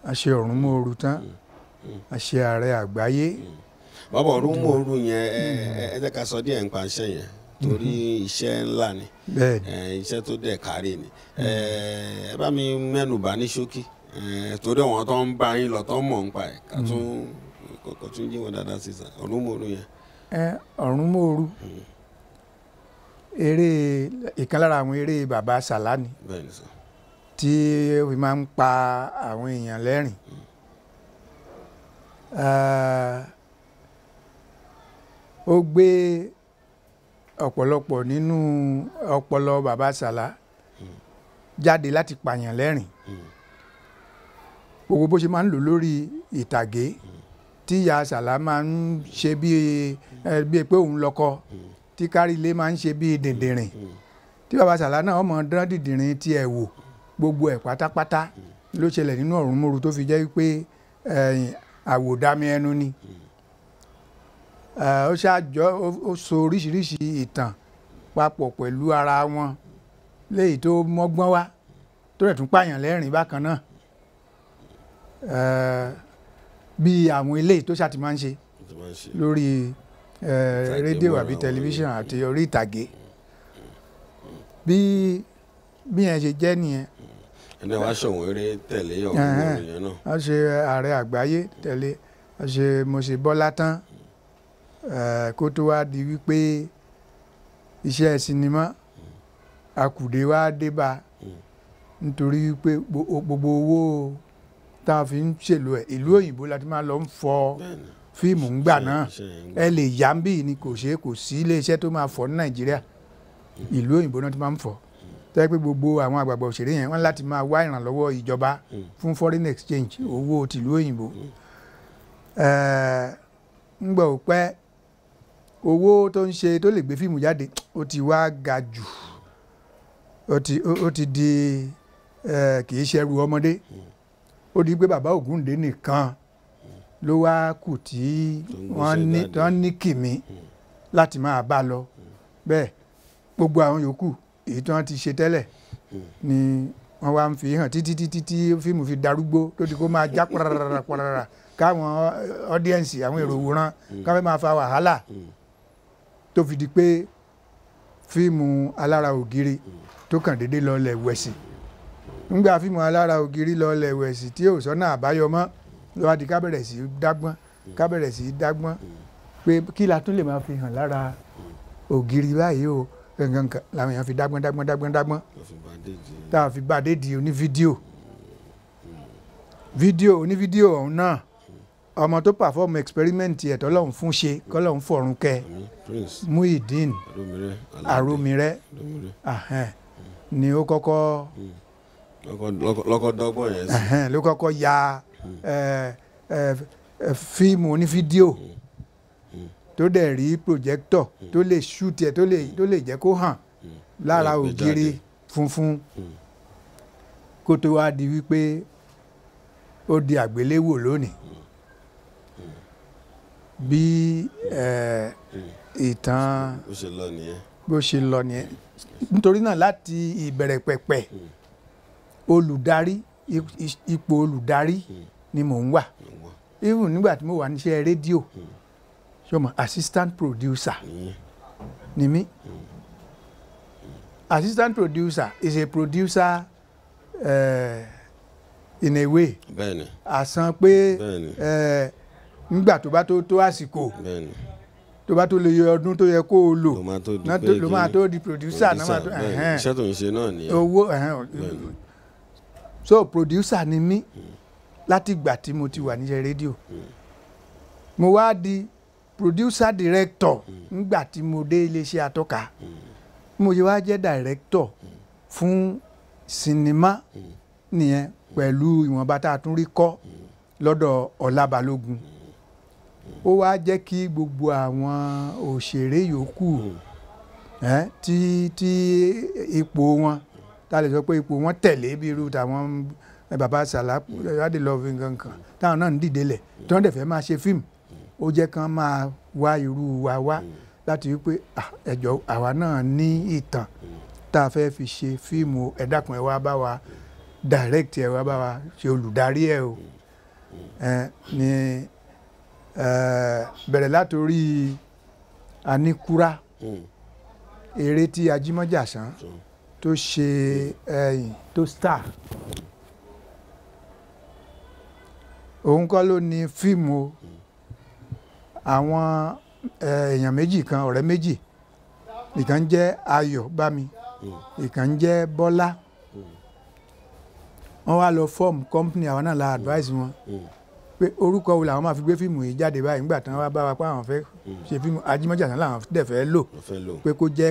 a ṣe ọ̀run mòoru tán a ṣe ààrẹ àgbáyé. bàbá ọ̀run mòoru yẹn ẹ ẹ ẹ ká sọ díẹ̀ nípa iṣẹ́ yẹn torí mhm. iṣẹ́ ńlá ni iṣẹ́ tó dẹ̀ kárí ni ẹ bá mi mẹ́nubà ní ṣókí torí àwọn tó ń bá yín lọ tó ń mọ̀ nípa ẹ̀ ká tún mhm. kò tún jí wọn dáadáa sí sàn ọ̀rúnmòru yẹn. ẹ ọ̀rúnmòru mhm. eré ìkan lára àwọn eré bàbá sàlá tí ó máa ń pa àwọn èèyàn lẹ́rìn ó gbé ọ̀pọ̀lọpọ̀ nínú ọpọlọ bàbá Sàlá jáde láti pààyàn lẹ́rìn gbogbo bó ṣe máa ń lò lórí ìtàgé tí ìyá Sàlá máa ń ṣe bíi pé òun lọ́kọ tí Kárílé máa ń ṣe bíi dìndìnrìn tí bàbá Sàlá náà ọmọ dán dìndìnrìn tiẹ̀ wò gbogbo ẹ̀ pátápátá ló ṣẹlẹ̀ nínú Ọ̀rúnmòru tó fi jẹ́ pé àwòdámi ẹnu ni ó ṣàjọ ó so oríṣiríṣi ìtàn papọ̀ pẹ̀lú ara wọn léyìí tó mọ́gbọ́n wá tó rẹ̀ tún pààyàn lẹ́rìn bákan náà bí àwọn eléyìí tó ṣàtì máa ń ṣe lórí rédíò àbí tẹlifíṣàn àti orí ìtàgé bí bí yẹn ṣe jẹ́ nìyẹn. ẹni wàá ṣòwò eré tẹ̀lé ọ̀gbìn ìròyìn náà. a ṣe ààrẹ àgbáyé tẹ̀lé a ṣe mo ṣe bọ́lá tán Eh, kó tó wá di wípé iṣẹ́ sinimá akùdé wá dé bá nítorí wípé gbogbo owó tá a fi ń ṣèlò ẹ̀ ìlú òyìnbó la ti máa lọ ń fọ fíìmù ńgbà náà ẹ lè yá ń bì ní kò ṣeé kò sí iléeṣẹ́ tó máa fọ ní nàìjíríà ìlú òyìnbó náà ti máa ń fọ tẹ́ pé gbogbo àwọn àgbààgbà òṣèré yẹn wọ́n láti máa wá ìrànlọ́wọ́ ìjọba fún foreign exchange owó tìlú òyìnbó mm. eh, ńgbà ò pẹ́ owó tó ń ṣe tó lè gbé fíìmù jáde ó ti wá ga jù ó ti di kì í ṣẹrù ọmọdé ó di pé bàbá Ògúndé nìkan ló wá kù tí wọ́n ní kìmí láti máa bá lọ bẹ́ẹ̀ gbogbo àwọn yòókù èyí tí wọ́n ti ṣe tẹ́lẹ̀ ni wọ́n wá ń fi hàn títí títí tí fíìmù fi darúgbó tó di kó máa já kwarara kwarara káwọn ọ́díẹ̀nsì àwọn èrò wòran hmm. káwọn máa fa wàhálà. Hmm tó fi di pé fíìmù alára ògiri tó kàn déédé lọ́lẹ̀ wẹ̀sì ńgbà fíìmù alára ògiri lọ́lẹ̀ wẹ̀sì tí ò sọ́nà àbáyọ mọ́ ló di ká bẹ̀rẹ̀ sí í dágbọ́n ká bẹ̀rẹ̀ sí í dágbọ́n pé kí la tún lè máa fi hàn lára ògiri báyìí o gangan làwọn èèyàn fi dágbọ́n dágbọ́n dágbọ́n dágbọ́n tá fi bá a dé di oní fídíò fídíò ọ̀hún náà ọmọ tó pàfọ́ọ̀mù experiment ẹ̀ tọ́lọ́hún fún ṣe kọ́lọ́hún fọ̀run kẹ́ Muideen Arumire, ni ó kọ́kọ́ hmm, lọ́kọ́ dọ́gbọ́n yẹn sí ló kọ́kọ́ ya hmm. fíìmù ní fídíò hmm, tó dẹ̀ rí projector tó lè shoot ẹ̀ tó lè jẹ́ kó hàn lára ògiri funfun kó tó wá di wípé ó di àgbéléwò lónìí bí ìtàn bó ṣe lọ nìyẹn nítorí náà láti ìbẹ̀rẹ̀ pẹ̀pẹ̀ hmm. olùdarí ipò olùdarí hmm. ni mò ń wà even nígbà tí mo wà níṣẹ́ rédíò hmm. ṣọmọ assistant producer ni mí assistant producer is a producer uh, in a way àsan pé nígbà tó bá tó tó àsìkò tó bá tó lè yọ ọdún tó yẹ kó o lò ló máa tó di producer náà máa tó iṣẹ́ tó ń ṣe náà nìyẹn owó so producer ni mí láti ìgbà tí mo ti wà níṣẹ́ rédíò mo wá di producer director nígbà tí mo dé iléeṣẹ́ atọ́ka mo yẹ wá jẹ́ director fún sinimá nìyẹn pẹ̀lú ìwọ̀nba tá a tún rí kọ́ lọ́dọ̀ Ọlá Balógun ó wá jẹ́ kí gbogbo àwọn òṣèré yòókù hmm. tí tí ipò wọn tá a lè sọ pé ipò wọn tẹ̀lé bí irú tàwọn bàbá sàlá adìlọ́ọ̀fin kankan táwọn náà ń dìde lẹ̀ tí wọ́n dẹ̀ fẹ́ máa ṣe fíìmù ó jẹ́ kán máa wá irú wa wá hmm. láti wípé ẹ̀jọ̀ àwa náà ní ìtàn hmm. tá a fẹ́ fi ṣe fíìmù ẹ dákun ẹ wá bá wa direct ẹ bá wa ṣe olùdarí ẹ o ẹ ní. Eh, bẹ̀rẹ̀ látòrí anikura hmm. eré tí Ajímọ́jà Sàn hmm. tó ṣe ẹyìn eh, tó star òun kọ́ ló ní fíìmù àwọn eh, èèyàn méjì kan ọ̀rẹ́ méjì ìkan ń jẹ́ Ayọ̀ Bámi hmm. ìkan ń jẹ́ Bọ́lá wọ́n wá lọ fọ́ọ̀mù kọ́mpìnì àwọn náà la advice wọn. Mm pé orúkọ wo làwọn máa fi gbé fíìmù yìí jáde báyìí nígbà tán wá bá wa pé àwọn fẹ́ ṣe fíìmù ajímọ́jà tán làwọn dẹ̀ fẹ́ lò pé kó jẹ́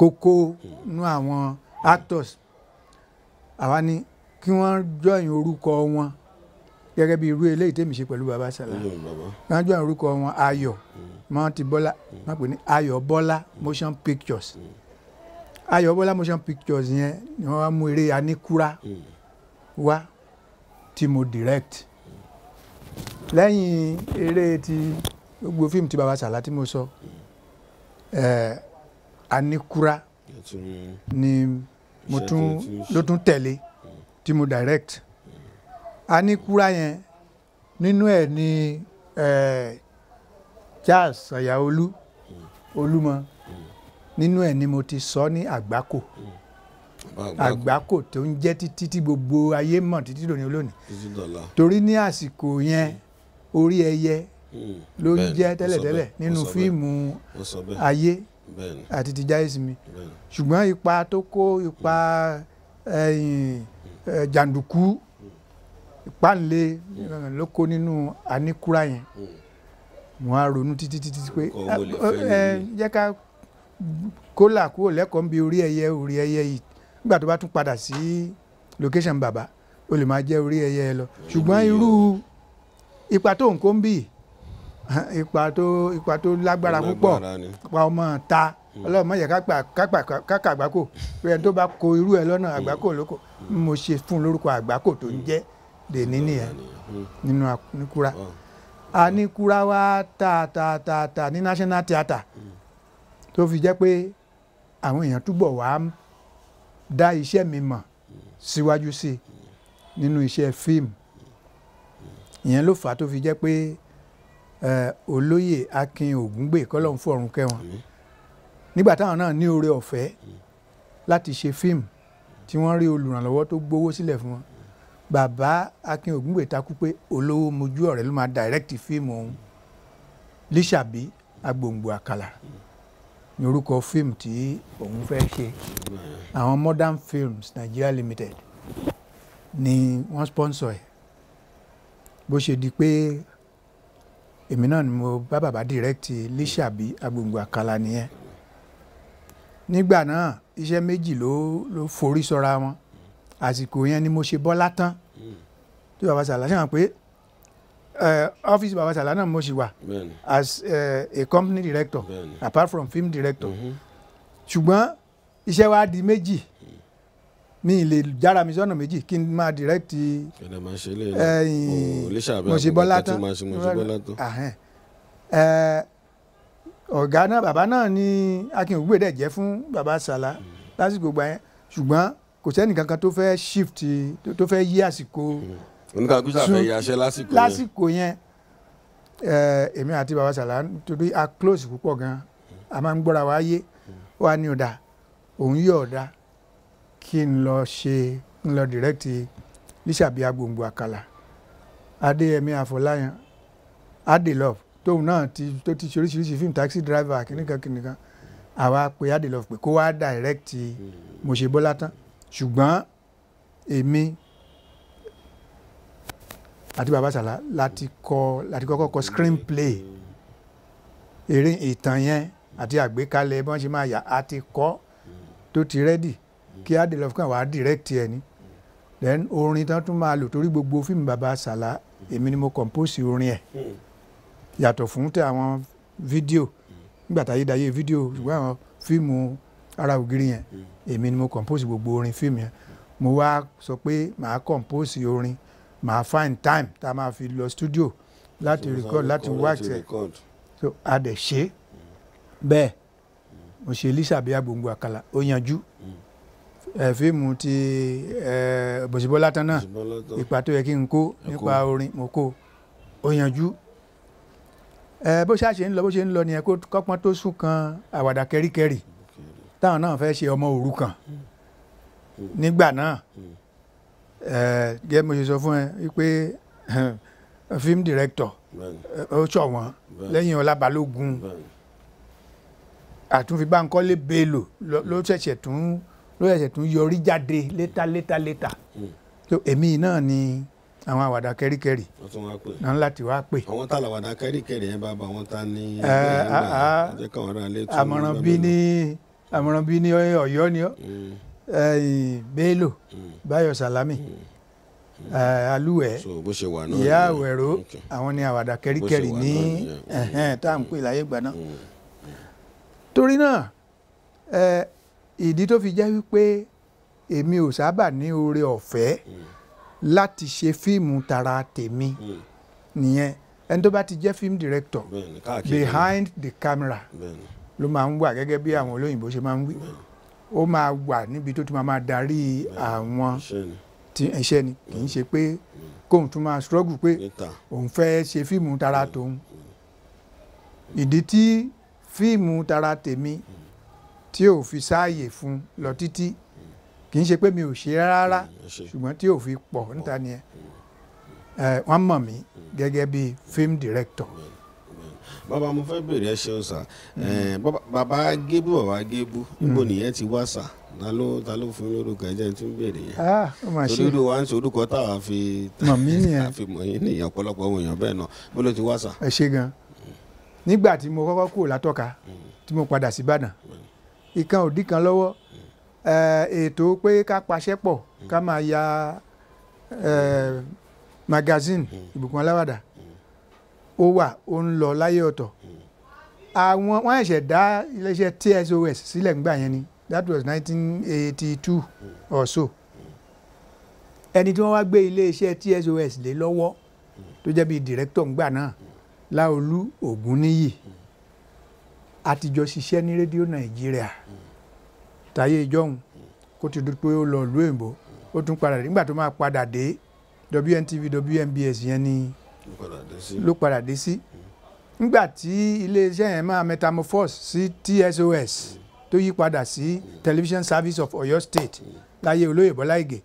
kókó nú àwọn actors àwa ni kí wọ́n jọyìn orúkọ wọn gẹ́gẹ́ bí irú eléyìí tèmi ṣe pẹ̀lú baba sàlá wọ́n jọyìn orúkọ wọn ayọ̀ mọ́tì bọ́lá wọ́n pè ní ayọ̀ bọ́lá motion pictures ayọ̀ bọ́lá motion pictures yẹn ni wọ́n wá mú eré aníkúrá hmm. wá tí mo direct. Mm lẹ́yìn eré ti gbogbo fíìmù tí baba sàlá tí mo sọ ẹ̀ anikura ni mo tún ló tún tẹ̀lé tí mo direct anikura yẹn nínú ẹ̀ ni ẹ̀ Charles Ayaolu Olúmọ nínú ẹ̀ ni mo ti sọ ní àgbákò. Mm àgbákò tó ń jẹ́ títí tí gbogbo ayé mọ̀ títí lónìí olónìí torí ní àsìkò yẹn hmm. orí ẹyẹ hmm. ló ń jẹ́ tẹ́lẹ̀tẹ́lẹ̀ nínú fíìmù ayé àti ti Jáìsímì ṣùgbọ́n ipa tó kó ipa hmm. eh, eh, jàǹdùkú ìpàlẹ eh, ló kó nínú àníkúrà yẹn wọn á ronú títí títí pé ẹ jẹ́ ká kólà kúrò lẹ́kọ̀ọ́ ń orí ẹyẹ orí ẹyẹ yìí nígbà tó bá tún padà sí location baba o lè máa jẹ́ orí ẹyẹ lọ ṣùgbọ́n irú ipa tó ń bì ipa tó ipa tó lágbára púpọ̀ pa ọmọ ta hmm. ọlọ́run má yẹ kápá àgbákò rẹ̀ tó bá ko irú ẹ lọ́nà hmm. àgbákò lóko hmm. mo ṣe fún lórúkọ àgbákò tó ń jẹ́ dèní nìyẹn nínú anikura anikura wa ta ta ta ta ní national theatre tó fi jẹ́ pé àwọn èèyàn túbọ̀ wá dá iṣẹ́ mi mọ̀ síwájú sí i nínú iṣẹ́ fíìmù ìyẹn ló fà á tó fi jẹ́ pé olóyè akin ògúngbè kọ́lọ́hún fọ̀run kẹwọn nígbà táwọn náà ní oore ọ̀fẹ́ láti ṣe fíìmù tí wọ́n rí olùrànlọ́wọ́ tó gbowó sílẹ̀ fún wọn bàbá akin ògúngbè takú pé olówó mojú ọ̀rẹ́ ló máa dàrẹ́kìtì fíìmù ọ̀hún lísàbí agbòǹgbò àkàlà ní orúkọ fíìmù tí òun fẹ́ ṣe àwọn modern films Nigeria limited ni wọ́n sponsor ẹ̀ bó ṣe di pé èmi náà ni mo bá bàbá direct Lísàbí Agbòǹgbò Àkàlà nìyẹn nígbà náà iṣẹ́ méjì ló ló forí sọra wọn àsìkò yẹn ni mo ṣe Bọ́lá tán tí bàbá sàlàyé hàn pé ọ́fíìsì bàbá sàlá náà mo ṣì wà as uh, a company director Bene. apart from film director mhm. ṣùgbọ́n iṣẹ́ wa di méjì mi lè jára mi sọ́nà méjì kí n máa direct Mọ̀ṣíbọ́lá eh, tán eh, ọ̀gá náà bàbá náà ni Akin Ògúngbè dẹ̀ jẹ́ fún bàbá Sàlá lásìkò gbà yẹn ṣùgbọ́n kò sẹ́nìkankan tó fẹ́ shift tó fẹ́ yí àsìkò mhm oníkàkú ṣàfẹ́ yaṣẹ́ lásìkò yẹn lásìkò yẹn èmi àti baba sàlá torí a close púpọ̀ gan a máa ń gbọ́ra wa yé wa ní ọ̀dà òun yọ̀ ọ̀dà kí n lọ ṣe n lọ direct lísàbí agbòǹgbò àkàlà adéyẹmí àfọláyàn adelove tóun náà ti tó ti ṣe fíìmù taxi driver kìnìkan kìnìkan àwa pe adelove pé kó wá direct mo ṣe bọ́lá tán ṣùgbọ́n èmi àti bàbá sàlá láti kọ láti kọ́kọ́ kọ screen play eré ìtàn yẹn àti àgbékalẹ̀ bí wọ́n ṣe máa yà á ti kọ́ tó ti rẹ́dì kí adelov kan wàá direct ẹ̀ ni then orin tán tún máa lò torí gbogbo fíìmù bàbá sàlá èmi ni mo compose orin ẹ̀ yàtọ̀ fún tẹ àwọn fídíò nígbà táyé dayé fídíò ṣùgbọ́n àwọn fíìmù ara ògiri yẹn èmi ni mo compose gbogbo orin fíìmù yẹn mo wá sọ pé màá compose orin màá find time tá a máa fi lọ studio láti record láti wax ẹ̀ so a dẹ̀ ṣe bẹ́ẹ̀ mo ṣe Lísàbí Agbòǹgbò Àkàlà ó yanjú mm. ẹ fíìmù ti ẹ Bọ́sibọ́lá tán náà ipa tó yẹ kí n kó nípa orin mo kó ó yanjú ẹ bó ṣá ṣe ń lọ bó ṣe ń lọ nìyẹn kó kọ́pọ́n tó sùn kan àwàdà kẹ́ríkẹ́rì táwọn náà fẹ́ ṣe ọmọ òrukàn mm. nígbà náà mm gẹ́gẹ́ mo ṣe sọ fún ẹ wípé film director ó ṣọ̀wọ́n lẹ́yìn ọlábalógun àtúnfi Bánkọ́lé Bello ló ṣẹ̀ṣẹ̀ tún ló ṣẹ̀ṣẹ̀ tún yọrí jáde létà létà létà tó hmm. èmi náà ni àwọn àwàdà kẹ́ríkẹ́rí náà láti wá pè. àwọn tá làwàdà kẹ́ríkẹ́rí yẹn bá bá wọn ta ní ẹgbẹ́ yẹn náà àmọ̀ràn bí ní àmọ̀ràn bí ní Ọ̀yọ́ ni ọ́. Hmm. Eh, Bello hmm. Báyọ̀ Salami hmm. hmm. eh, alúwẹ̀ ìyá àwẹ̀rọ àwọn ni àwàdà kẹ́ríkẹ́rí ní tá à ń pè láyé gbà náà torí náà eh, ìdí tó fi jẹ́ wípé èmi ò sábà ní oore ọ̀fẹ́ láti ṣe fíìmù tara tèmi nìyẹn ẹni tó bá ti jẹ́ film director behind the camera ló máa ń wà gẹ́gẹ́ bí àwọn olóyìnbó ṣe máa ń wí ó máa wà níbi tó tún máa darí àwọn iṣẹ́ ni kì í ṣe pé kóun tún máa struggle pé òun fẹ́ ṣe fíìmù tara mm. tòun ìdí tí fíìmù tara tèmi tí ò fi sáàyè fún lọ títí kì í ṣe pé mi ò ṣe rárá mm, ṣùgbọ́n tí ò fi pọ̀ níta nìyẹn wọ́n mọ̀ mí mm. gẹ́gẹ́ bí film director. Mm bàbá mo fẹ́ bèrè ẹ ṣeun sà bàbá gébú bàbá gébú níbo mm. nìyẹn ti wá sà ta ló ta ló fún lórúkọ ẹjẹ tí ń bèrè yẹn ah, torí ló wá ń ṣe orúkọ táwa fi fi mọ̀ yín nìyẹn ọ̀pọ̀lọpọ̀ ohun èèyàn bẹ́ẹ̀ náà bó ló ti wá sà. ẹ ṣe gan nígbà tí mo kọ́kọ́ kúrò látọ́ka mm. tí mo padà sí Ìbàdàn mm. ìkan òdì kan lọ́wọ́ ètò pé ká paṣẹ́ pọ̀ ká máa ya magazine Ìbùkún Aláwàdà. Mm ó wà ó ń lọ láyé ọ̀tọ̀ àwọn wọ́n ṣẹ̀ṣẹ̀ dá iléeṣẹ́ TSOS sílẹ̀ ńgbà yẹn ni that was nineteen eighty two or so ẹni tí wọ́n wá gbé iléeṣẹ́ TSOS lé lọ́wọ́ tó jẹ́ bíi director ńgbà náà Láolú Ògúnníyì àtijọ́ ṣiṣẹ́ ní rédíò Nàìjíríà táyé ìjọ́hun kó ti dúpẹ́ ó lọ ìlú òyìnbó ó tún padà dé nígbà tó máa padà dé WNTV WNBS yẹn ni ló padà dé sí nígbà tí iléeṣẹ́ yẹn máa metamorphose sí TSOS tó yí padà sí Television Service of Oyo State láyé olóyè Bọ́lá Ìgè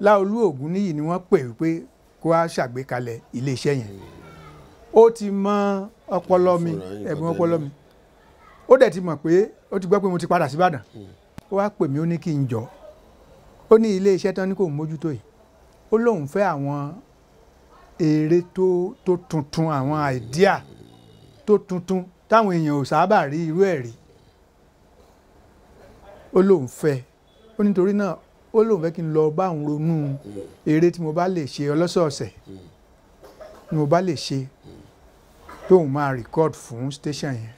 Láolú Ògúnníyì ni wọ́n pè wípé kó a ṣàgbékalẹ̀ iléeṣẹ́ yẹn ó ti mọ ọpọlọ mi ẹ̀bùn ọpọlọ mi ó dẹ̀ ti mọ̀ pé ó ti gbọ́ pé mo ti padà sí Ìbàdàn ó wá pè mí ó ní kí n jọ ó ní iléeṣẹ́ tán ní kò mójútó yìí ó lóun fẹ́ àwọn èrè tó tó tuntun àwọn àìdíà tó tuntun táwọn èèyàn ò sábà rí irú ẹ̀ rí ó lóun fẹ́ ó nítorí náà ó lóun fẹ́ kí n lọ bá òun ronú èrè tí mo bá lè ṣe ọlọ́sọ̀ọ̀sẹ̀ ni mo bá lè ṣe tóun máa record fún station yẹn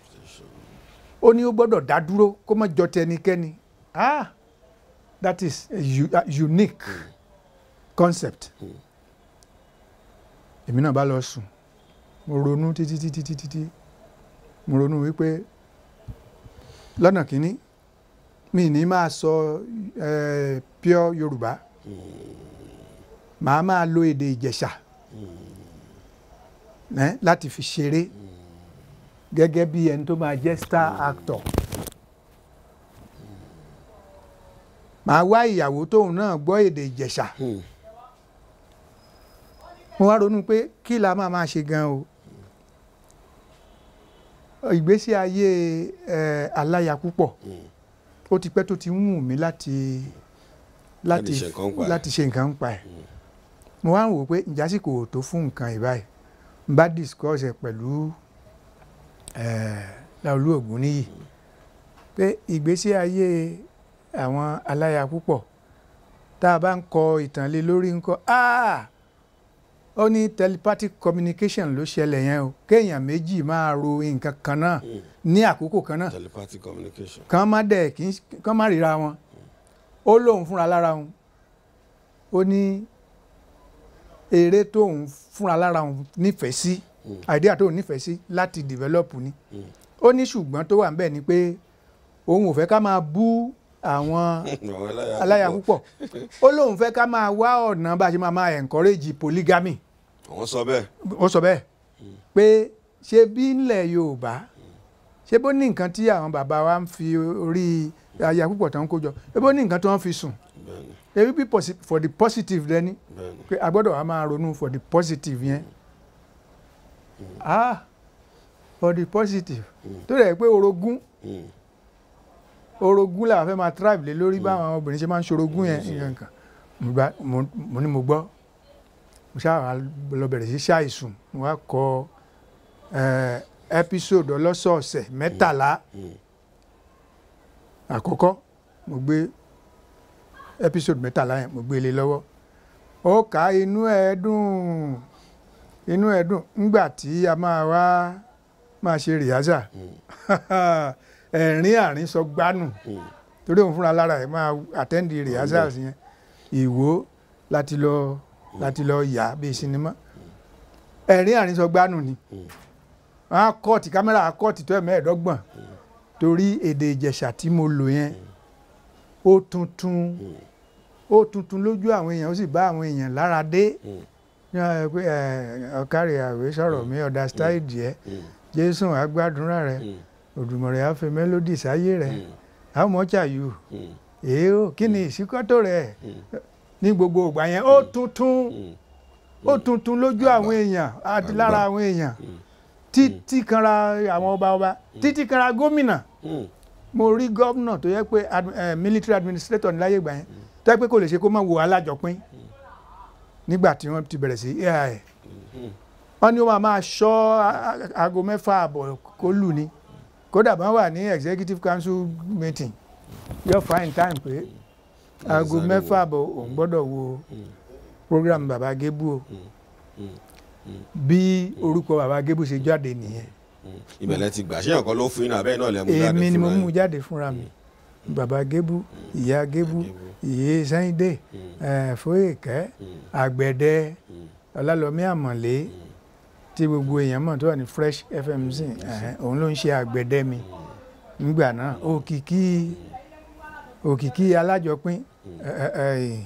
ó ní ó gbọ́dọ̀ dá dúró kó má jọ ti ah that is a unique concept. Mm èmi náà bá lọ sùn mo ronú títí títí títí tí mo ronú wípé lọ́nà kínní mi ní máa sọ pure Yorùbá màá máa lo èdè Ìjẹ̀ṣà láti fi ṣeré gẹ́gẹ́ bí ẹni tó máa jẹ́ star actor. màá wá ìyàwó tóun náà gbọ́ èdè Ìjẹ̀ṣà. Hmm mo wá ronú pé kí la máa máa ṣe gan o ìgbésí ayé aláya púpọ̀ hmm. ó ti pẹ́ tó ti ń wù mí láti láti láti ṣe nǹkan ń pa ẹ̀ hmm. mo wá ń wò pé ìjásìkò tó fún nǹkan ìbáyìí n bá discuss ẹ̀ pẹ̀lú Láolú Ògúnníyì hmm. pé ìgbésí ayé àwọn aláya púpọ̀ tá a bá ń kọ ìtàn lé lórí ńkọ́ aah ó ní telepathic communication ló ṣẹlẹ̀ yẹn o kéèyàn méjì máa ro nǹkan kan náà hmm. ní àkókò kan náà telepathic communication kan má dẹ̀ kí kan má ríra wọn ó lóun fúnra lára òun ó ní eré tóun fúnra lára òun nífẹ̀ẹ́ sí hmm. idea tóun nífẹ̀ẹ́ sí láti develop ni hmm. ó ní ṣùgbọ́n tó wà ń bẹ̀ ni pé òun ò fẹ́ ká máa bú àwọn aláya púpọ̀ ó lóun fẹ́ ká máa wá ọ̀nà bá a ṣe máa máa encourage polygamy. wọ́n sọ bẹ́ẹ̀. wọ́n sọ bẹ́ẹ̀ hmm. pé ṣe bí ńlẹ̀ Yorùbá ṣe bó ní nǹkan tí àwọn bàbá wa ń fi orí aya púpọ̀ tó ń kó jọ ṣe bó ní nǹkan tó ń fi sùn ebi bí for the positive lẹ́ni pé a gbọ́dọ̀ wá máa ronú for the positive yẹn hmm. ah for the positive hmm. tó rẹ̀ pé orogún. Mm orogún làwọn fẹ́ máa tribe lé lórí mm. báwọn obìnrin ṣe máa ń ṣorogún yẹn mm. nǹkan kan mo ní mo gbọ́ mo ṣáà lọ bẹ̀rẹ̀ sí ṣàìsùn mo wá kọ episode ọlọ́sọ̀ọ̀sẹ̀ mẹ́tàlá mm. àkọ́kọ́ mo gbé episode mẹ́tàlá yẹn mo gbé lé lọ́wọ́ ó ka inú ẹ̀ dùn inú ẹ̀ dùn ńgbà tí a máa wá máa ṣe rìhásà. ẹ̀rín àrín sọ gbánù torí òun fúnra lára ẹ̀ máa àtẹ́ǹdì rehearsals yẹn ìwó láti lọ láti lọ yà bíi sinimá ẹ̀rín àrín sọ gbánù ni wọn á kọ́ọ̀tì kámẹ́rà á kọ́ọ̀tì tó ẹ̀mẹ́ẹ̀ẹ́dọ́gbọ̀n torí èdè ìjẹ̀ṣà tí mo lò yẹn ó tuntun ó tuntun lójú àwọn èèyàn ó sì bá àwọn èèyàn lára dé ọ̀kárẹ̀ àwẹ̀ sọ̀rọ̀ mi ọ̀dà stáìdì ẹ̀ jésù agbádùnrà rẹ̀. Òdùmarè á fi mélòdì sáyé rẹ̀ how much are you èèó kí ni hmm. ìsíkọ́tò rẹ̀ hmm. ní gbogbo ìgbà yẹn ó hmm. tuntun ó tuntun lójú àwọn èèyàn àti lára àwọn èèyàn títí kanra àwọn ọba ọba títí kanra gómìnà mo rí gómìnà tó yẹ pé eh, military administrator ní láyé ìgbà yẹn tó yẹ pé kò lè ṣe kó má wo alájọpín nígbà tí wọ́n ti bẹ̀rẹ̀ sí ai wọ́n ní wọ́n máa ṣọ́ aago mẹ́fà àbọ̀ kó lù ni. Mm kódà bá wà ní executive council meeting yóò find time pé aago mẹ́fà bọ̀ òun mm. gbọ́dọ̀ wo mm. Mm. program baba Gébù o bí orúkọ baba Gébù ṣe jáde nìyẹn. ìbẹ̀lẹ̀ ti gbà ṣé ọ̀kan ló fún iná abẹ́ náà lẹ́mú jáde fúnra mi. èmi ni mo mú jáde fúnra mi baba Gébù ìyá Gébù ìyé Sẹ́yìndé eh, Fóyèkẹ́ Àgbẹ̀dẹ Ọlálọ́mí Àmọ̀lé. Mm tí gbogbo èèyàn mọ̀ tó wà ní Fresh FM zin òun ló ń ṣe àgbẹ̀dẹ mi nígbà náà òkìkí òkìkí alájọpín hmm.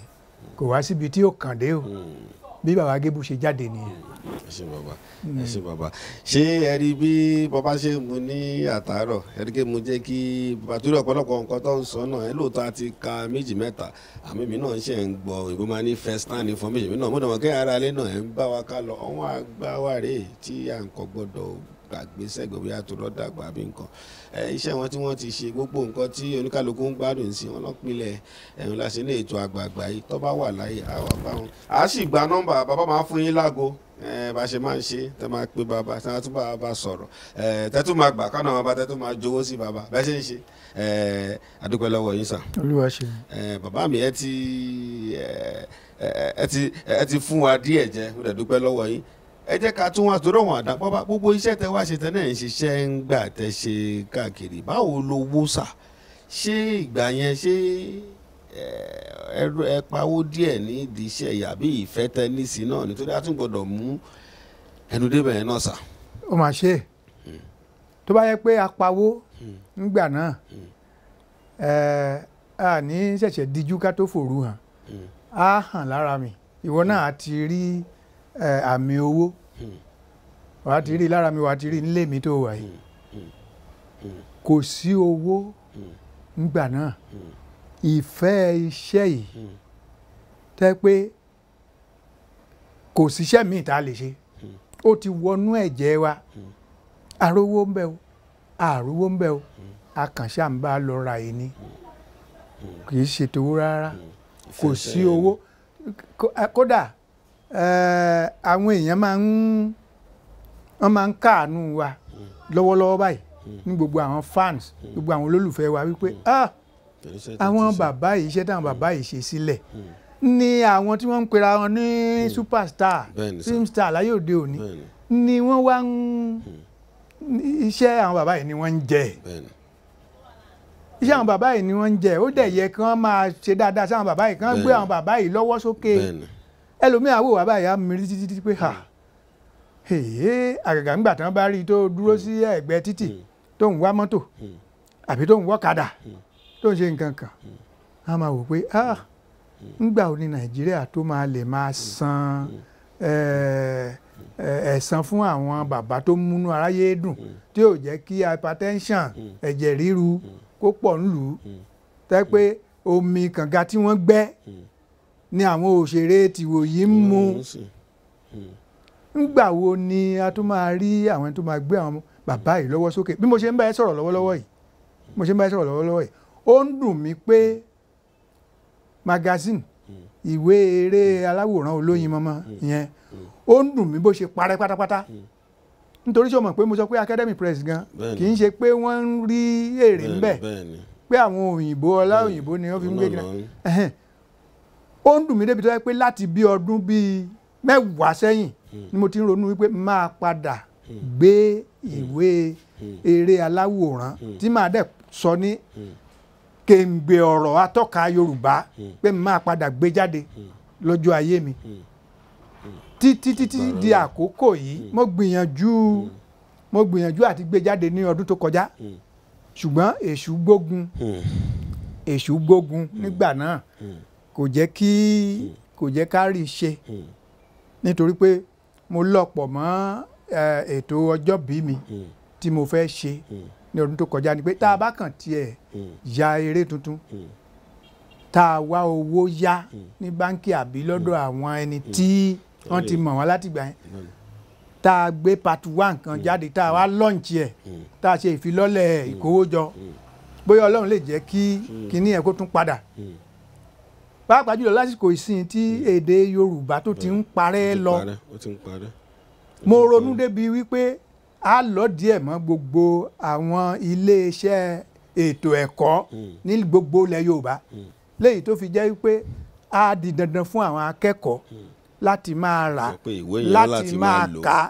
kò wá síbi tí ó kàn dé o hmm. bí bàbá gébù ṣe jáde nìyẹn ẹ ṣé bàbá ẹ ṣé bàbá ṣé ẹ rí bí bàbá ṣe mu ní àtàárọ̀ ẹ rí pé mo jẹ́ kí bàbá torí ọ̀pọ̀lọpọ̀ nǹkan tó ń sọ náà ẹ lóòótọ́ àti ka méjì mẹ́ta àmì mi náà ṣe ń gbọ́ ìbò máa ní first hand information mi náà mo dàgbà kẹ́hìn ara alẹ́ náà ẹ̀ ń bá wa ká lọ ọ̀wọ́n àgbà wà rèé tí à ń kọ́ gbọ́dọ̀ gbàgbé sẹ́gbẹ̀ bóyá tó lọ́ dàgbà àbí nǹkan iṣẹ́ wọn tí wọ́n ti ṣe gbogbo nǹkan tí oníkálukú ń gbádùn sí wọn lọ́pìnlẹ̀ ẹ̀rùn láti ilé ètò àgbààgbà yìí tó bá wà láyé àwọn àbáwọn. a sì gba nọ́mbà bàbá máa fún yín lágo bá ṣe máa ń ṣe tẹ máa pe bàbá tẹ máa tún bàbá sọ̀rọ̀ tẹ tún máa gbà kánà bàbá tẹ tún máa jowó sí bàbá bẹ́ẹ̀ ṣe ń ṣe adúpẹ́ lọ́wọ́ yín sà. olúwa ṣe. bàbá mi ẹ ti ẹ ti ẹ ti fún wa díẹ̀ jẹ́ mo dẹ̀ dúpẹ́ lọ́wọ́ yín ẹ jẹ́ ká tún wá sọ̀rọ̀ wọn àdàpọ̀ bá gbogbo iṣẹ́ tẹ wá ṣe tẹ ń ṣiṣẹ́ ń gbà tẹ ṣe káàkiri báwo lowó sà ṣé ìgbà yẹn ṣé ẹ pawó díẹ̀ ní ìdí iṣẹ́ yàbí ìfẹ́ tẹ níìsí náà nítorí a tún gbọ́dọ̀ mú ẹnu débẹ̀ yẹn náà sà. ó mà ṣe hmm. tó bá yẹ pé a pawó hmm. nígbà náà hmm. a ní ṣẹ̀ṣẹ̀ díjú ká tó fòru hàn á hàn lára mi ìwọ náà a ti rí àmì owó wàá ti rí lára mi wàá ti rí nílé mi tó wà yìí kò sí owó nígbà náà ìfẹ́ iṣẹ́ yìí hmm. tẹ́ pé kò síṣẹ́ míì tá a lè ṣe hmm. ó ti wọnú ẹ̀jẹ̀ wa hmm. arówó ń bẹ o àrówó ń bẹ o akànṣe à ń bá a lọ ra yìí ni kì í ṣètò owó rárá kò sí owó kódà àwọn èèyàn máa ń wọ́n máa ń káàánú wa lọ́wọ́lọ́wọ́ báyìí ní gbogbo àwọn fans gbogbo àwọn olólùfẹ́ wa wípé ah àwọn bàbá yìí iṣẹ́ táwọn bàbá yìí ṣe sílẹ̀ hmm. ni àwọn tí wọ́n ń pera wọn ní hmm. superstar filmstar láyé òde òní ni wọ́n wá ń hmm. iṣẹ́ àwọn bàbá yìí ni wọ́n ń jẹ iṣẹ́ àwọn bàbá yìí ni wọ́n ń jẹ ó dẹ̀ yẹ kí wọ́n máa ṣe dáadáa sí àwọn bàbá yìí kí wọ́n gbé àwọn bàbá yìí lọ́wọ́ sókè ẹlòmíà wò wá báyìí á mìírí títí títí pé ha àgàgà ńgbà tí wọ́n bá rí i tó dúró sí ẹ̀gbẹ́ títì tó ń wá mọ́tò àbí tó ń wọ́kadà. Hmm tó ń ṣe nǹkan kan a máa wò pé ah ńgbà wo ni nàìjíríà tó máa lè máa san ẹ̀san fún àwọn bàbá tó múnú aráyé dùn tí ò jẹ́ kí hypertension ẹ̀jẹ̀ ríru kó pọ̀ ńlù tẹ́ pé omi kànga tí wọ́n gbẹ́ ni àwọn òṣèré tìwò yìí ń mu ńgbà wo ni a tún máa rí àwọn tó máa gbé àwọn bàbá yìí lọ́wọ́ sókè bí mo ṣe ń bá ẹ sọ̀rọ̀ lọ́wọ́lọ́wọ́ yìí mo ṣe ń bá ẹ sọ̀rọ̀ lọ́wọ́lọ́wọ́ yìí ó ń dùn mí pé magazine hmm. ìwé eré aláwòrán olóyin mọ́mọ́ hmm. Hmm. yẹn ó ń dùn mí bó ṣe parẹ́ pátápátá nítorí sọ mọ̀ pé mo sọ pé academy press gan kì í ṣe pé wọ́n ń rí èrè ńbẹ̀ pé àwọn òyìnbó ọlá òyìnbó ni wọ́n fi ń gbé gíga ó ń dùn mí débi tó yẹ pé láti bí ọdún bíi mẹ́wàá sẹ́yìn ni mo ti ń ronú wípé máa padà gbé ìwé eré aláwòrán tí màá dẹ̀ sọ ní kèǹgbè ọ̀rọ̀ atọ́ka yorùbá hmm. pé máa padà gbé jáde hmm. Hmm. lọ́jọ́ ayé mi títí títí di àkókò yìí mo gbìyànjú mo gbìyànjú àti gbé jáde ní ọdún tó kọjá ṣùgbọ́n èṣù gbógun èṣù gbógun nígbà náà kò jẹ́ kí kò jẹ́ ká rí i ṣe nítorí pé mo lọ́pọ̀ mọ́ ètò ọjọ́ bí mi tí mo fẹ́ ṣe ní ọdún tó kọjá ni pé tá a hmm. bá kàn tiẹ̀ hmm. ya eré tuntun hmm. tá a wá owó yá ní báńkì àbí lọ́dọ̀ àwọn ẹni tí wọ́n ti mọ̀ wọ́n látìgbà yẹn tá a gbé part one kan jáde tá a wá lọ́ǹchì ẹ̀ tá a ṣe ìfilọ́lẹ̀ ìkówójọ bóyá ọlọ́run lè jẹ́ kí kinní ẹ̀ kó tún padà pàápàá jùlọ lásìkò ìsìn tí èdè yorùbá tó ti ń parẹ́ lọ mo ronú débi wípé á lọ díẹ̀ mọ́ gbogbo àwọn iléeṣẹ́ ètò ẹ̀kọ́ hmm. ní gbogbo ilẹ̀ Yorùbá hmm. léyìí tó fi jẹ́ pé á di dandan fún àwọn akẹ́kọ̀ọ́ hmm. láti máa rà láti máa kà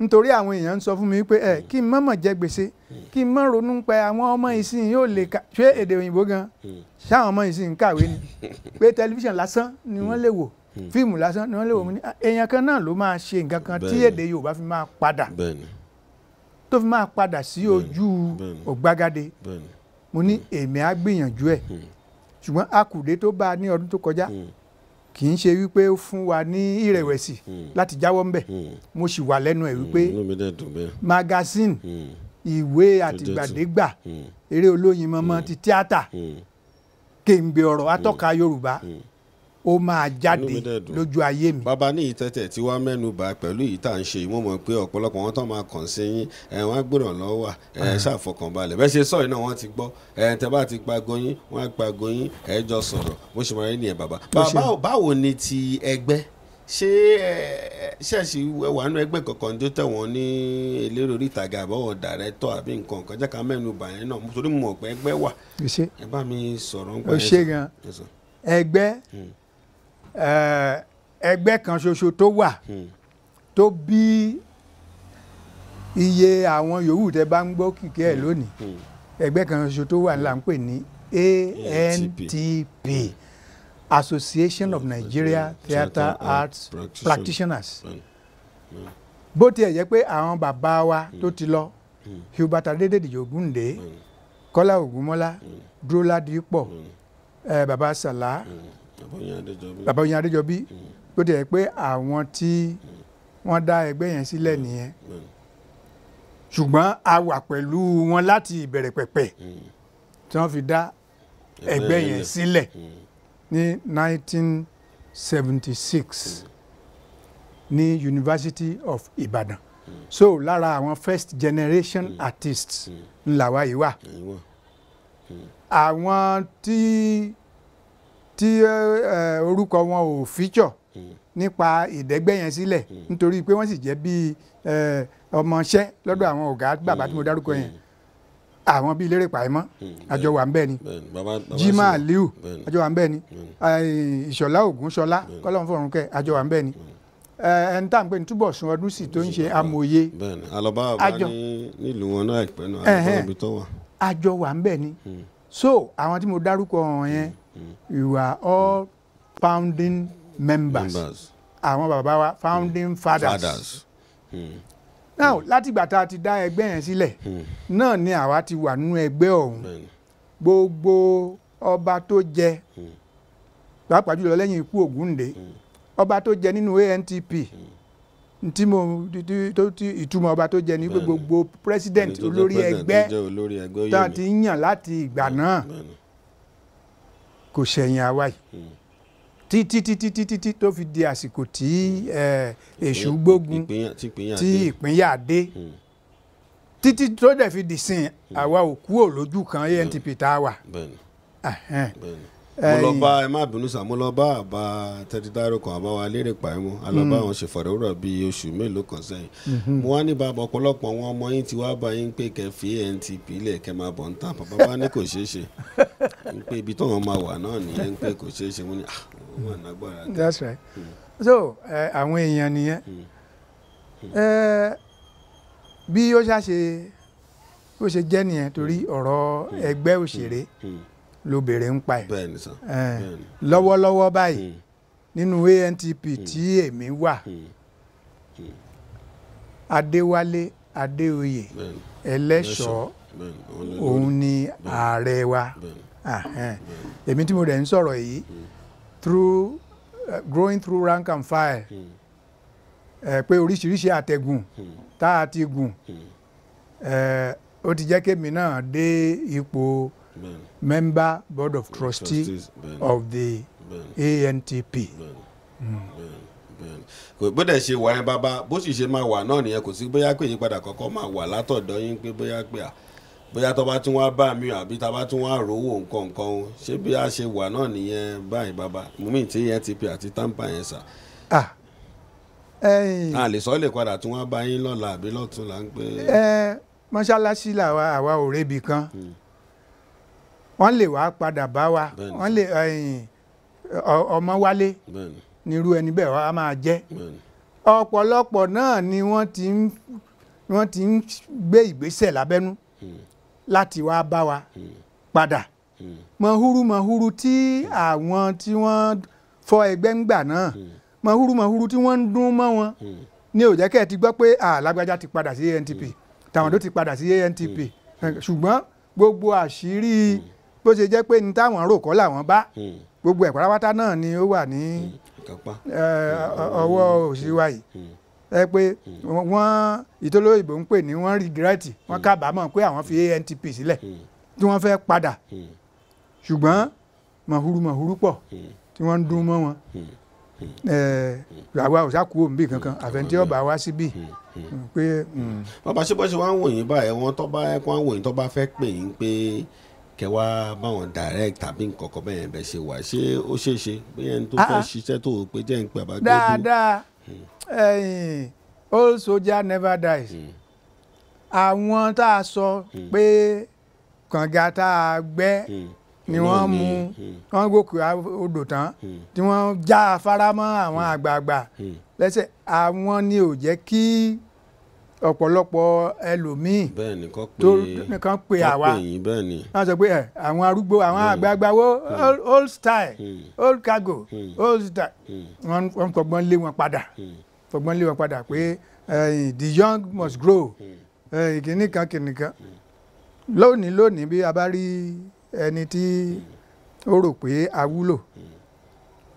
nítorí àwọn èèyàn ń sọ fún mi pé ẹ kí n mọ̀mọ̀ jẹ gbèsè kí n mọ̀ ronú pé àwọn ọmọ ìsìn yóò lè ka ṣé èdè òyìnbó gan ṣáwọn ọmọ ìsìn ń kàwé ni pé tẹlifíṣàn lásán ni wọ́n lè wò fíìmù lásán ni wọ́n lè wò mí ní ah, èèyàn kan náà ló máa ṣe nǹkan kan tí èdè Yorùbá fi máa padà tó fi máa padà sí ojú ọ̀gbagadé mo ní èmi á gbìyànjú ẹ̀ hmm. ṣùgbọ́n akùdé tó bá a ní ọdún tó kọjá hmm. kì í ṣe wípé ó fún wa ní ìrẹ̀wẹ̀sì hmm. láti jáwọ́ ńbẹ̀ mo sì wà lẹ́nu ẹ̀ wípé magazine ìwé àtìgbàdégbà eré olóyin mọ́mọ́ ti tíátà kéńgbé ọ̀rọ̀ atọ́ka Yorùbá ó máa jáde lójú ayé mi. bàbá ní ìtẹ̀tẹ̀ tí wàá mẹ́nu bà pẹ̀lú èyí tá à ń ṣe wọ́n mọ̀ pé ọ̀pọ̀lọpọ̀ wọn tán máa kàn sí yín ẹ̀ wọ́n á gbọ́dọ̀ lọ́wọ́ wà ẹ̀ ṣàfọkànbalẹ̀ bẹ́ẹ̀ ṣe sọ̀rọ̀ náà wọ́n ti gbọ́ ẹ̀ tẹ́ bá ti pa goyin wọ́n á pa goyin ẹ̀ jọ sọ̀rọ̀ bó ṣe máa rí nìyẹn bàbá. bàbá báwo ni ti ẹgbẹ́ ṣé ṣẹ́ẹ̀ṣì wà nínú ẹgbẹ́ kankan tó tẹ̀wọ̀n ní elérò ìtàgé àbọ̀wọ̀ dàrẹ́tọ̀ àbí nǹkan kan jẹ́ ká mẹ́nu bà yẹn náà nítorí mo mọ̀ pé ẹgbẹ́ wà ẹ bá mi sọ̀rọ̀ ń pa ẹ̀ sọ. ẹgbẹ́ hmm. Eh, ẹgbẹ́ kan ṣoṣo tó wà hmm. tó bí iye àwọn yòówù tẹ́ bá ń gbọ́ kìkẹ́ ẹ̀ hmm. lónìí hmm. ẹgbẹ́ kan ṣoṣo tó wà là ń pè ní ANTP Association of Nigeria Theatre Arts Practitioners bó tiẹ̀ jẹ́ pé àwọn bàbá wa tó ti lọ Hubert Adédèjì Ògúndé Kọ́lá Ògúnmọ́lá Dúró Ládìípọ̀ eh, bàbá Sàlá bàbá Oyin Adéjọbí tó hmm. tẹ̀ pé àwọn tí hmm. wọ́n dá ẹgbẹ́ yẹn sílẹ̀ hmm. nìyẹn ṣùgbọ́n a wà pẹ̀lú wọn láti ìbẹ̀rẹ̀ pẹ̀pẹ̀ tí wọ́n fi dá ẹgbẹ́ yẹn sílẹ̀ ní 1976 ní University of Ibadan so lára àwọn first generation artists ńlá wa yìí wà àwọn tí tí orúkọ wọn ò feature hmm. nípa ìdẹ́gbẹ́ yẹn sílẹ̀ hmm. nítorí pé wọ́n sì jẹ́ bíi ọmọọṣẹ́ lọ́dọ̀ àwọn ọ̀gá bàbá hmm. tí mo dárúkọ yẹn àwọn bíi eléré pàìmọ́ àjọ wà ń bẹ́ẹ̀ ni jimá aliu àjọ wà ń bẹ́ẹ̀ ni ìṣọ̀lá ògúnṣọlá kọ́lọ́n fọ̀run kẹ́ àjọ wà ń bẹ́ẹ̀ ni ẹni tá à ń pè ní túbọ̀ sun ọdún sì tó ń ṣe amòye àjọ nílùú wọn náà ìpẹ́ àjọ wà ń bẹ́ẹ̀ ni so àwọn tí mo dárúkọ yẹn you are all founding members àwọn bàbá wa founding hmm. fathers. fathers. Mm. now látìgbà tá a ti dá ẹgbẹ́ yẹn sílẹ̀ hmm. náà ni àwa ti wà nínú ẹgbẹ́ ọ̀hún gbogbo ọba tó jẹ hmm. pàápàá jùlọ lẹ́yìn ikú Ògúndé ọba tó jẹ nínú ANTP tí mo ìtumọ̀ ọba tó jẹ ní gbogbo president olórí ẹgbẹ́ tá ti yàn láti ìgbà náà. Mm kò ṣẹ̀yìn àwa yìí títí títí títí tí tó fi di àsìkò tí èṣù gbógun tí ìpínyà dé hmm. títí tó dẹ̀ fi dìsìn hmm. àwa ò kúrò lójú kan ANTP tá a wà mo ẹ má bínú sá mo àbá tẹ́tí dárò kan àbá lérè pàmò alọ́bá wọn hmm. ṣe fọ̀rọ̀wérọ̀ bíi oṣù mélòó kan sẹ́yìn hmm. mo wá ní bàbá ọ̀pọ̀lọpọ̀ wọn ọmọ yín ti wá bá yín pé kẹ́ fi antp ilẹ̀ kẹ́ máa bọ̀ ń tà bàbá wa ní kò ṣeé ṣe ń pé ibi táwọn máa wà náà nìyẹn ń pé kò ṣeé ṣe mo ní ah wọn wà that's right hmm. so àwọn èèyàn nìyẹn bí ó ṣàṣe ó ṣe jẹ́ nìyẹn torí ọ̀rọ̀ ẹgbẹ́ òṣèré. Mm. Mm ló béèrè ń pa ẹ̀ lọ́wọ́lọ́wọ́ báyìí hmm. nínú ANTP hmm. tí èmi wà hmm. Adéwálé Adéoyè Ẹlẹ́ṣọ̀ọ́ òun ni ààrẹ wa èmi tí mo rẹ̀ ń sọ̀rọ̀ yìí through eh, growing through rank and file pé oríṣiríṣi àtẹ̀gùn tá a ti gùn ó ti jẹ́ kémi náà dé ipò member board of mm. trustees, trustees ben, of the ben, ANTP. bó dẹ̀ ṣe wà yẹn bàbá bó sì ṣe máa wà náà nìyẹn kò sí bóyá pé ìyípadà kọ̀ọ̀kan máa wà látọ̀dọ̀ yín pé bóyá pé à bóyá tó bá tún wá bá mi àbí tá a bá tún wá rówó nǹkan nǹkan o ṣé bí a ṣe wà náà nìyẹn báyìí bàbá mùmí tí ANTP àti TAMPAN yẹn sà. Ah. a lè sọ lè padà tún wá bá yín lọ́la àbí lọ́tún là ń pè. mọ́ṣáláṣí làwa àwa ò rébi kan. Hmm wọ́n lè wá padà bá wa wọ́n lè eh, eh, ọmọ wálé nírú ẹni bẹ́ẹ̀ wá máa jẹ́ ọ̀pọ̀lọpọ̀ náà ni wọ́n ti ń wọ́n ti ń gbé ìgbésẹ̀ lábẹ́nú hmm. láti wá bá wa hmm. padà hmm. mọ̀húrú mọ̀húrú tí àwọn tí wọ́n fọ ẹgbẹ́ ń gbà náà mọ̀húrú mọ̀húrú tí wọ́n ń dún mọ́ wọn ní ó jẹ́ kẹ́ ẹ ti gbọ́ pé alágbájá ti padà sí ANTP tàwọn tó ti padà sí ANTP ṣùgbọ́n gbogbo àṣírí. Mm bó ṣe jẹ́ pé ní táwọn rò kọ́ làwọn bá hmm. gbogbo ẹ̀ pátápátá náà ni ó wà ní hmm. ọwọ́ hmm. òṣìwà yìí ẹ pé wọ́n ìtòlóyìnbó ń pè ní wọ́n rìgírẹ́tì wọ́n kábàámọ̀ pé àwọn fi ANTP sílẹ̀ tí wọ́n fẹ́ padà ṣùgbọ́n mọ̀húrú mọ̀húrú pọ̀ tí wọ́n ń dún mọ́ wọn àwa ò sákúrò níbì kankan àfẹnití ọba wa síbì pé. bàbá ṣé bó ṣe wá ń wòyìn báyìí wọn tó bá ẹ kó wá ń wòyìn tó bá fẹ́ pè yín pé kẹ wá báwọn direct tàbí nkankan bẹ́ẹ̀ bẹ́ẹ̀ ṣe wà ṣé ó ṣeé ṣe bẹ́ẹ̀ ń tó fẹ́ ah, ah. ṣiṣẹ́ tó o pé jẹ́ ń pè àbájọ. dáadáa hmm. ẹyin old soldier never dies hmm. àwọn tá a sọ hmm. pé kànga tá a gbẹ́ ni wọ́n mú wọ́n gòkè odò tán tí wọ́n já afárá mọ́ àwọn àgbààgbà lẹ́sẹ̀ àwọn ni ò jẹ́ kí ọ̀pọ̀lọpọ̀ ẹlòmíì tó nìkan pe àwa náà sọ pé ẹ àwọn arúgbó àwọn hmm. àgbààgbà wo hmm. old style hmm. old cargo old style wọ́n fọgbọ́n lé wọn padà fọgbọ́n lé wọn padà pé the young must grow kìnnì kan kìnnì kan lónìí lónìí bí a bá rí ẹni tí ó rò pé a wúlò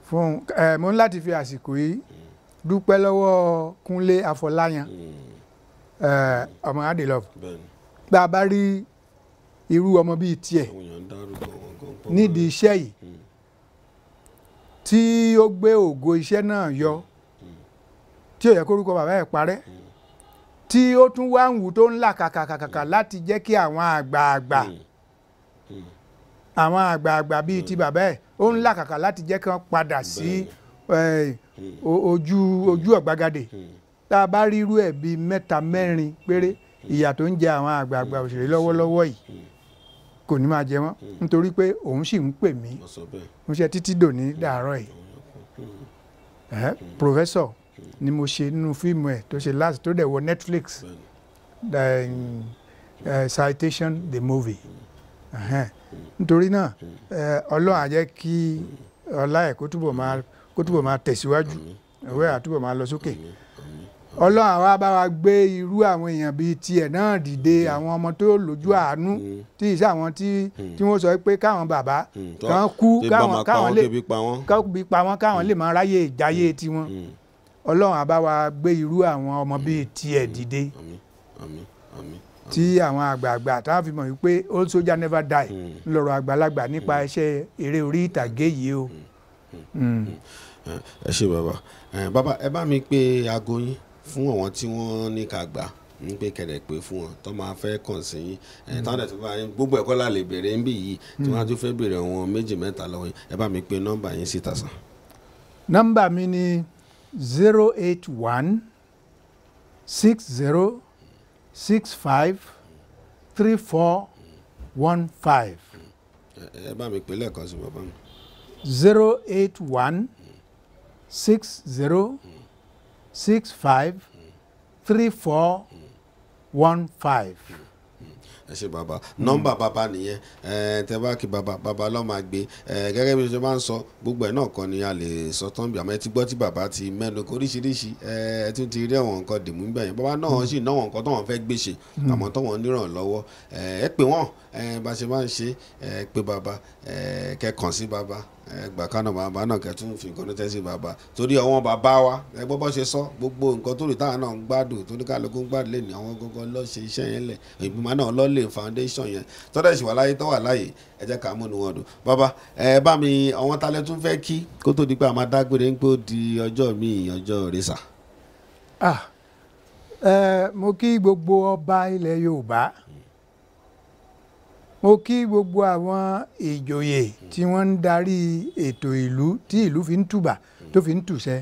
fún ẹ mo ń láti fi àsìkò yìí dúpẹ́ lọ́wọ́ Kúnlé Afọláyan. Eh, ọmọ Adelove bá a bá rí irú ọmọ bíi tiẹ̀ nídìí iṣẹ́ yìí hmm. tí ó gbé ògo iṣẹ́ náà yọ hmm. tí ó yẹ kórúkọ bàbá ẹ̀ parẹ́ hmm. tí ó tún wá ń wù tó ń là kàkàkàkà láti jẹ́ kí àwọn àgbààgbà àwọn àgbààgbà bíi ti bàbá ẹ̀ ó ń là kàkà láti jẹ́ kí wọ́n padà sí eh, ojú ojú ọ̀gbagadè. Mm tá a bá rí irú ẹ̀ bíi mẹ́ta mẹ́rin péré ìyà tó ń jẹ àwọn àgbààgbà òṣèré lọ́wọ́lọ́wọ́ yìí kò ní máa jẹ wọ́n nítorí pé òun sì ń pè mí mo ṣe títí dòní dàárọ̀ yìí professor ni mo ṣe nínú fíìmù ẹ̀ tó ṣe last tó dẹ̀ wọ Netflix the citation the movie nítorí náà ọlọ́run á jẹ́ kí ọlá ẹ̀ kó túbọ̀ máa tẹ̀síwájú ẹ̀wẹ́ àtúbọ̀ máa lọ sókè. Okay ọlọ́run àwa bá wa gbé irú àwọn èèyàn bíi tiẹ̀ náà dìde hmm. àwọn ọmọ tó lójú hmm. àánú hmm. tí ìṣe àwọn tí wọ́n sọ pé káwọn bàbá kan kú káwọn lè pa wọ́n káwọn lè máa ráyè ìjáyé tiwọn ọlọ́run àbá wa gbé irú àwọn ọmọ bíi tiẹ̀ dìde tí àwọn àgbààgbà táwọn fi mọ̀ wípé old soldier never die lọ́rọ̀ àgbàlagbà nípa iṣẹ́ eré orí ìtàgé yìí o. ẹ ṣe bàbá bàbá ẹ bá mi pé aago yín fún àwọn tí wọ́n ní ká gbà ń pé kẹ̀rẹ̀ pé fún wọn tó máa fẹ́ kàn sí yín ẹ̀ táwọn ẹ̀ bá yín gbogbo ẹ̀kọ́ la lè béèrè ń bì yìí tí wọ́n á tún fẹ́ béèrè wọn méjì mẹ́ta lọ́wọ́ yín ẹ bá mi pe nọ́mbà yín síta sàn. nọ́mbà mi ni zero eight one six zero six five three four one five. ẹ bá mi pè lẹ́ẹ̀kan sí bàbá mi. zero eight one six zero six five three four one five. ẹ ṣe bàbá nọ́mbà bàbá nìyẹn tẹ bá kí bàbá bàbá lọ́ọ́ máa gbé gẹ́gẹ́ bí ṣe máa ń sọ gbogbo ẹ̀ náà kan ni a lè sọ tán bí àmọ́ ẹ ti gbọ́ tí bàbá ti mẹ́nu kó oríṣiríṣi ẹ tún ti rí àwọn nǹkan dìmú níbẹ̀ yẹn bàbá náà mm. sì náwọn nǹkan táwọn fẹ́ gbé ṣe mm. àmọ́ táwọn nírànlọ́wọ́ ẹ pè wọ́n bá ṣe máa ń ṣe pé bàbá kẹ́ kàn sí bàbá ẹgbà kánà bàbá náà kẹtù fi nǹkan ní tẹ́sí bàbá torí àwọn bàbá wa ẹgbọ́n bọ́ ṣe sọ gbogbo nǹkan tó rí táwọn náà ń gbádùn tó ní kálukú ń gbádùn lè ní àwọn gangan lọ ṣe iṣẹ́ yẹn lẹ̀ ìgbìmọ̀ náà lọ foundation yẹn tọ́lẹ̀ ṣì wà láyé tọ́wà láyé ẹ jẹ́ ká mú ni wọ́n dùn. bàbá ẹ bá mi àwọn talẹ̀ tún fẹ́ kí kó tó di pé àmọ́ dágbére ń ah ẹ mo kí gbogbo ọba mo kí gbogbo àwọn ìjòyè tí wọ́n ń darí ètò ìlú tí ìlú fi ń tùbà tó fi ń tùṣẹ́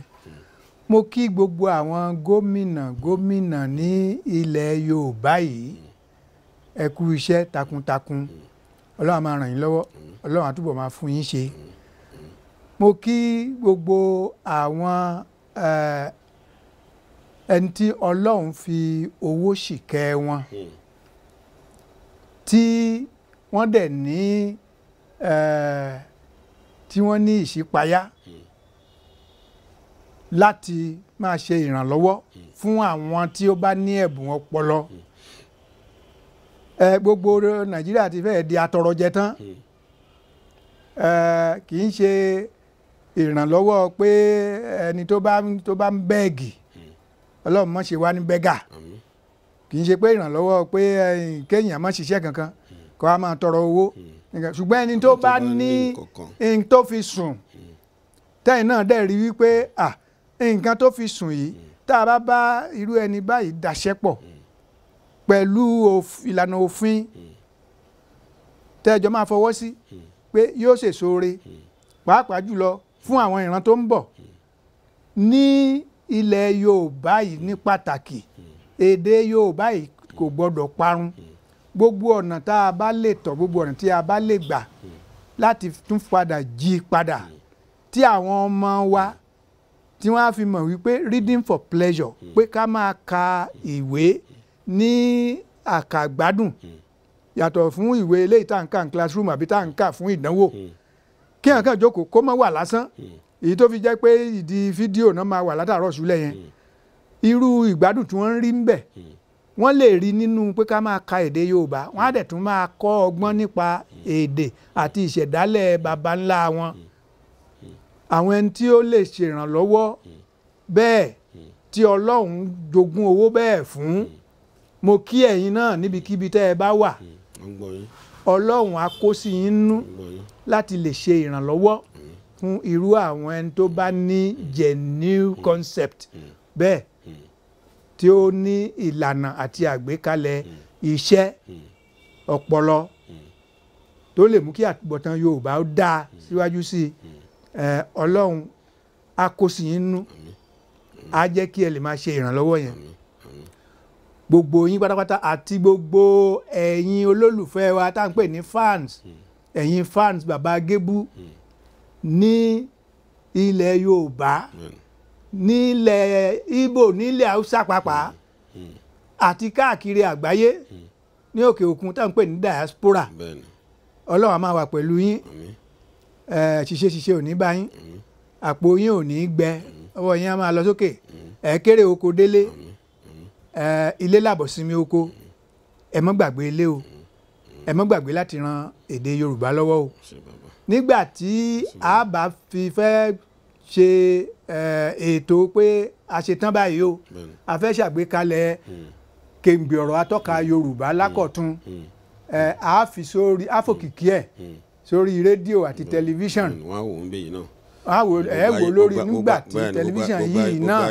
mo kí gbogbo àwọn gómìnà gómìnà ní ilẹ̀ Yorùbá yìí ẹ kú iṣẹ́ takuntakun Ọlọ́run á máa ràn yín lọ́wọ́ Ọlọ́run á máa fún yín ṣe mo kí gbogbo àwọn eh, ẹni tí Ọlọ́run fi owó ṣìkẹ́ wọn tí wọ́n dẹ̀ ní tí wọ́n ní ìṣípayá láti máa ṣe ìrànlọ́wọ́ fún àwọn tí ó bá ní ẹ̀bùn ọpọlọ gbogbo Nàìjíríà ti fẹ́ẹ̀ di atọrọjẹ tán kì í ṣe ìrànlọ́wọ́ pé ẹni tó bá tó bá ń bẹ́ẹ̀gì Ọlọ́run má ṣe wá ní bẹ́gà kì í ṣe pé ìrànlọ́wọ́ pé kéèyàn má ṣiṣẹ́ kankan kó a máa tọrọ owó hmm. ṣùgbọ́n ẹni tó bá ní nǹkan tó fi sùn tẹ́yìn náà dẹ̀ rí wípé nǹkan tó fi sùn yìí hmm. tá a bá bá irú ẹni báyìí dàṣẹ́ pọ̀ hmm. pẹ̀lú ìlànà òfin tẹ́jọ́ máa fọwọ́ sí pé yóò ṣèṣore pàápàá jùlọ fún àwọn ìran tó ń bọ̀ ní ilẹ̀ Yorùbá yìí ní pàtàkì èdè Yorùbá yìí kò gbọdọ̀ parun. Mm gbogbo ọ̀nà tá a bá lè tọ̀ gbogbo ọ̀nà tí a bá lè gbà láti tún padà jí padà tí àwọn ọmọ wa tí wọ́n á fi mọ̀ wípé reading for pleasure pé ká máa ka ìwé ní àkàgbádùn yàtọ̀ fún ìwé eléyìí tá à ń classroom àbí tá à ń kà fún ìdánwò kí àwọn kan jókòó kó má wà lásán èyí tó fi jẹ́ pé ìdí fídíò náà máa wà látàárọ̀ ṣúlẹ̀ yẹn irú ìgbádùn tí wọ́n ń rí ń bẹ̀ wọ́n lè rí nínú pé ká máa ka èdè Yorùbá wọ́n á dẹ̀ tún máa kọ́ ọgbọ́n nípa èdè àti ìṣẹ̀dálẹ̀ baba ńlá wọn àwọn ẹni tí ó lè ṣèrànlọ́wọ́ bẹ́ẹ̀ tí Ọlọ́run jogún owó bẹ́ẹ̀ fún mo kí ẹ̀yin náà níbikíbi tẹ́ ẹ bá wà Ọlọ́run á kó sí yín nú láti lè ṣe ìrànlọ́wọ́ fún irú àwọn ẹni tó bá ní genuine concept bẹ́ẹ̀ tí ó ní ìlànà àti àgbékalẹ̀ hmm. iṣẹ́ hmm. ọpọlọ hmm. tó lè mú kí àtúbọ̀tán Yorùbá ó dáa síwájú sí Ọlọ́run á kó sí yín nú á jẹ́ kí ẹ lè máa ṣe ìrànlọ́wọ́ yẹn gbogbo yín pátápátá àti gbogbo ẹ̀yin olólùfẹ́ wa tá à ń pè ní fans ẹ̀yin fans bàbá Gébú ní ilẹ̀ Yorùbá. Mm nílẹ̀ Ìgbò nílẹ̀ Haúsá pàápàá mm, mm. àti káàkiri àgbáyé mm. ní òkè òkun tá à ń pè ní diaspora Ọlọ́run a máa wà pẹ̀lú yín ṣiṣẹ́ ṣiṣẹ́ ò ní bá yín àpò yín ò ní gbẹ ọwọ́ yín á máa lọ sókè ẹ kéré oko délé ilé làbọ̀sinmi oko ẹ mọ́ gbàgbé ilé o ẹ mọ́ gbàgbé láti ran èdè Yorùbá lọ́wọ́ o nígbà tí a bá fi fẹ́ ṣe Eh, ètò pé a ṣe tán báyìí o a fẹ́ ṣàgbékalẹ̀ hmm. kéǹgbè ọ̀rọ̀ atọ́ka hmm. Yorùbá hmm. lákọ̀tún eh, a fi sórí àfòkìkí ẹ̀ sórí rédíò àti tẹlifíṣàn a wò ẹ wò lórí nígbà tí tẹlifíṣàn yìí náà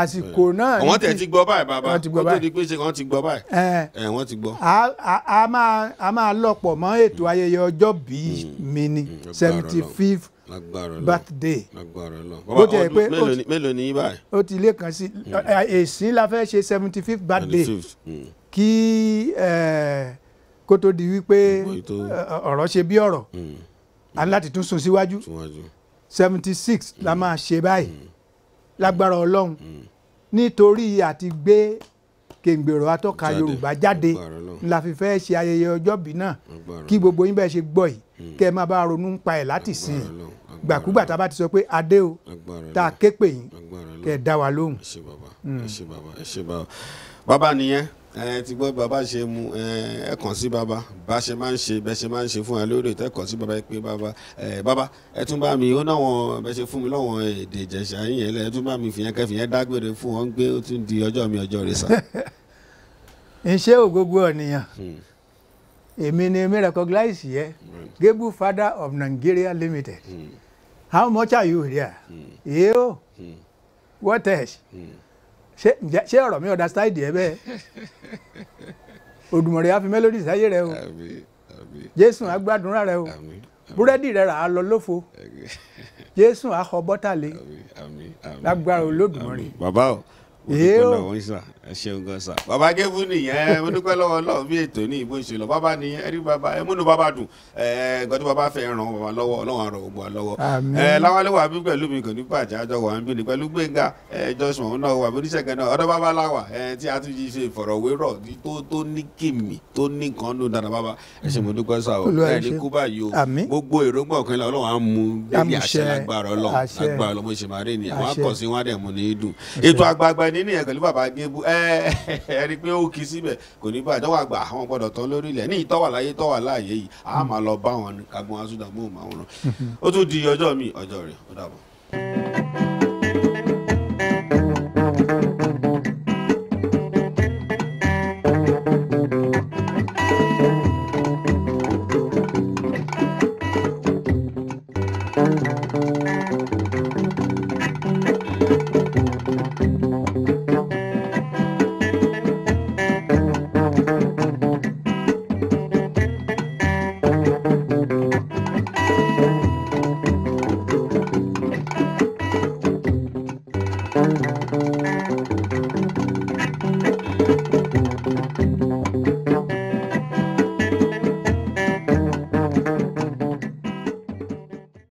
àsìkò náà wọ́n tẹ̀ ti gbọ́ báyìí bàbá wọ́n tó di pé ṣe wọ́n ti gbọ́ báyìí ẹ̀ wọ́n ti gbọ́. a máa lọ́pọ̀ mọ́ ètò ayẹyẹ ọjọ́ bíi mi ni seventy fifth back bó jẹ́ pé ó ti lé kan sí hmm. èsì la fẹ́ ṣe seventy fifth birthday hmm. kí kó tó di wípé ọ̀rọ̀ ṣe bí ọ̀rọ̀ hmm. a ní láti tún sún síwájú seventy six la máa ṣe báyìí lágbára ọlọ́run nítorí àti gbé kèngbèrò atọ́ka yorùbá jáde la fi fẹ́ ṣe ayẹyẹ ọjọ́bí náà kí gbogbo yín bẹ́ẹ̀ ṣe gbọ́ yìí Hmm. kẹ́ máa bá ronú pa ẹ̀ láti sìn gbàkúgbà tá a bá ti sọ pé adé o tá a ké pè yín kẹ́ ẹ dá wa lóhùn. ẹ ṣé bàbá hmm. ẹ ṣé bàbá ẹ ṣé bàbá bàbá nìyẹn ẹ ti gbọ́ bàbá ṣe mu ẹ kàn sí bàbá bá ṣe máa ń ṣe bẹ́ẹ̀ ṣe máa ń ṣe fún ẹ lórí ìtẹ́ kàn sí bàbá pé bàbá ẹ bàbá ẹ tún bá mi ó náà wọn bẹ́ẹ̀ ṣe fún mi lọ́wọ́n èdè ìjẹ̀ṣà yín yẹn lẹ́ ẹ tún bá mi fìyẹn kẹfì yẹn dágbére fún wọn gbé ó tún di ọjọ́ mi ọjọ́ rẹ sá. ǹṣe ògógó ọ̀nìyàn èmi ni mi recognize yẹ Gebu father of Nigeria Limited mm. how much are you here hmm. yìí o hmm. what else hmm. ṣé ọ̀rọ̀ mi understand ẹ bẹ́ẹ̀ Òdùmọ̀rẹ́ á fi melody sáyé rẹ o Jésù á gbàdúrà rẹ o búrẹ́dì rẹ rà á lọ lófo Jésù á kọ bọ́tà lé lágbára Olódùmọ̀rẹ́. bàbá o o ti kọ́ lọ́wọ́ ń sà ẹ ṣeun gan sa. bàbá gébù nìyẹn mo dúpẹ́ lọ́wọ́ ọlọ́run bí ètò ní ìbò ìṣèlú bàbá ni ẹrí bàbá ẹmúnú bàbá dùn ẹ gbọ́dọ̀ bàbá fẹ́ ràn bàbá lọ́wọ́ ọlọ́run àrọ̀ ògbà lọ́wọ́. láwálé wà bí pẹ̀lú mi kò ní bàjẹ́ àjọ wà ń bí pẹ̀lú gbẹ̀ngà ẹ jọ̀sùn náà wà bí oníṣègùn náà ọ̀dọ̀ bàbá láwà tí a tún yìí ṣe ìfọ̀rọ̀wérọ̀ tó ní kìmì tó ní nǹkan ẹ pé ó kì síbẹ̀ kò ní bàjẹ́ wà gbà àwọn gbọ́dọ̀ tán lórí ilẹ̀ ní ìtọ́wà láyé tọ́wà láàyè yìí a máa lọ bá wọn kagbọn asúdàmọ́ òun máa ń rán ó tún di ọjọ́ mi ọjọ́ rẹ̀ ó dàbọ̀.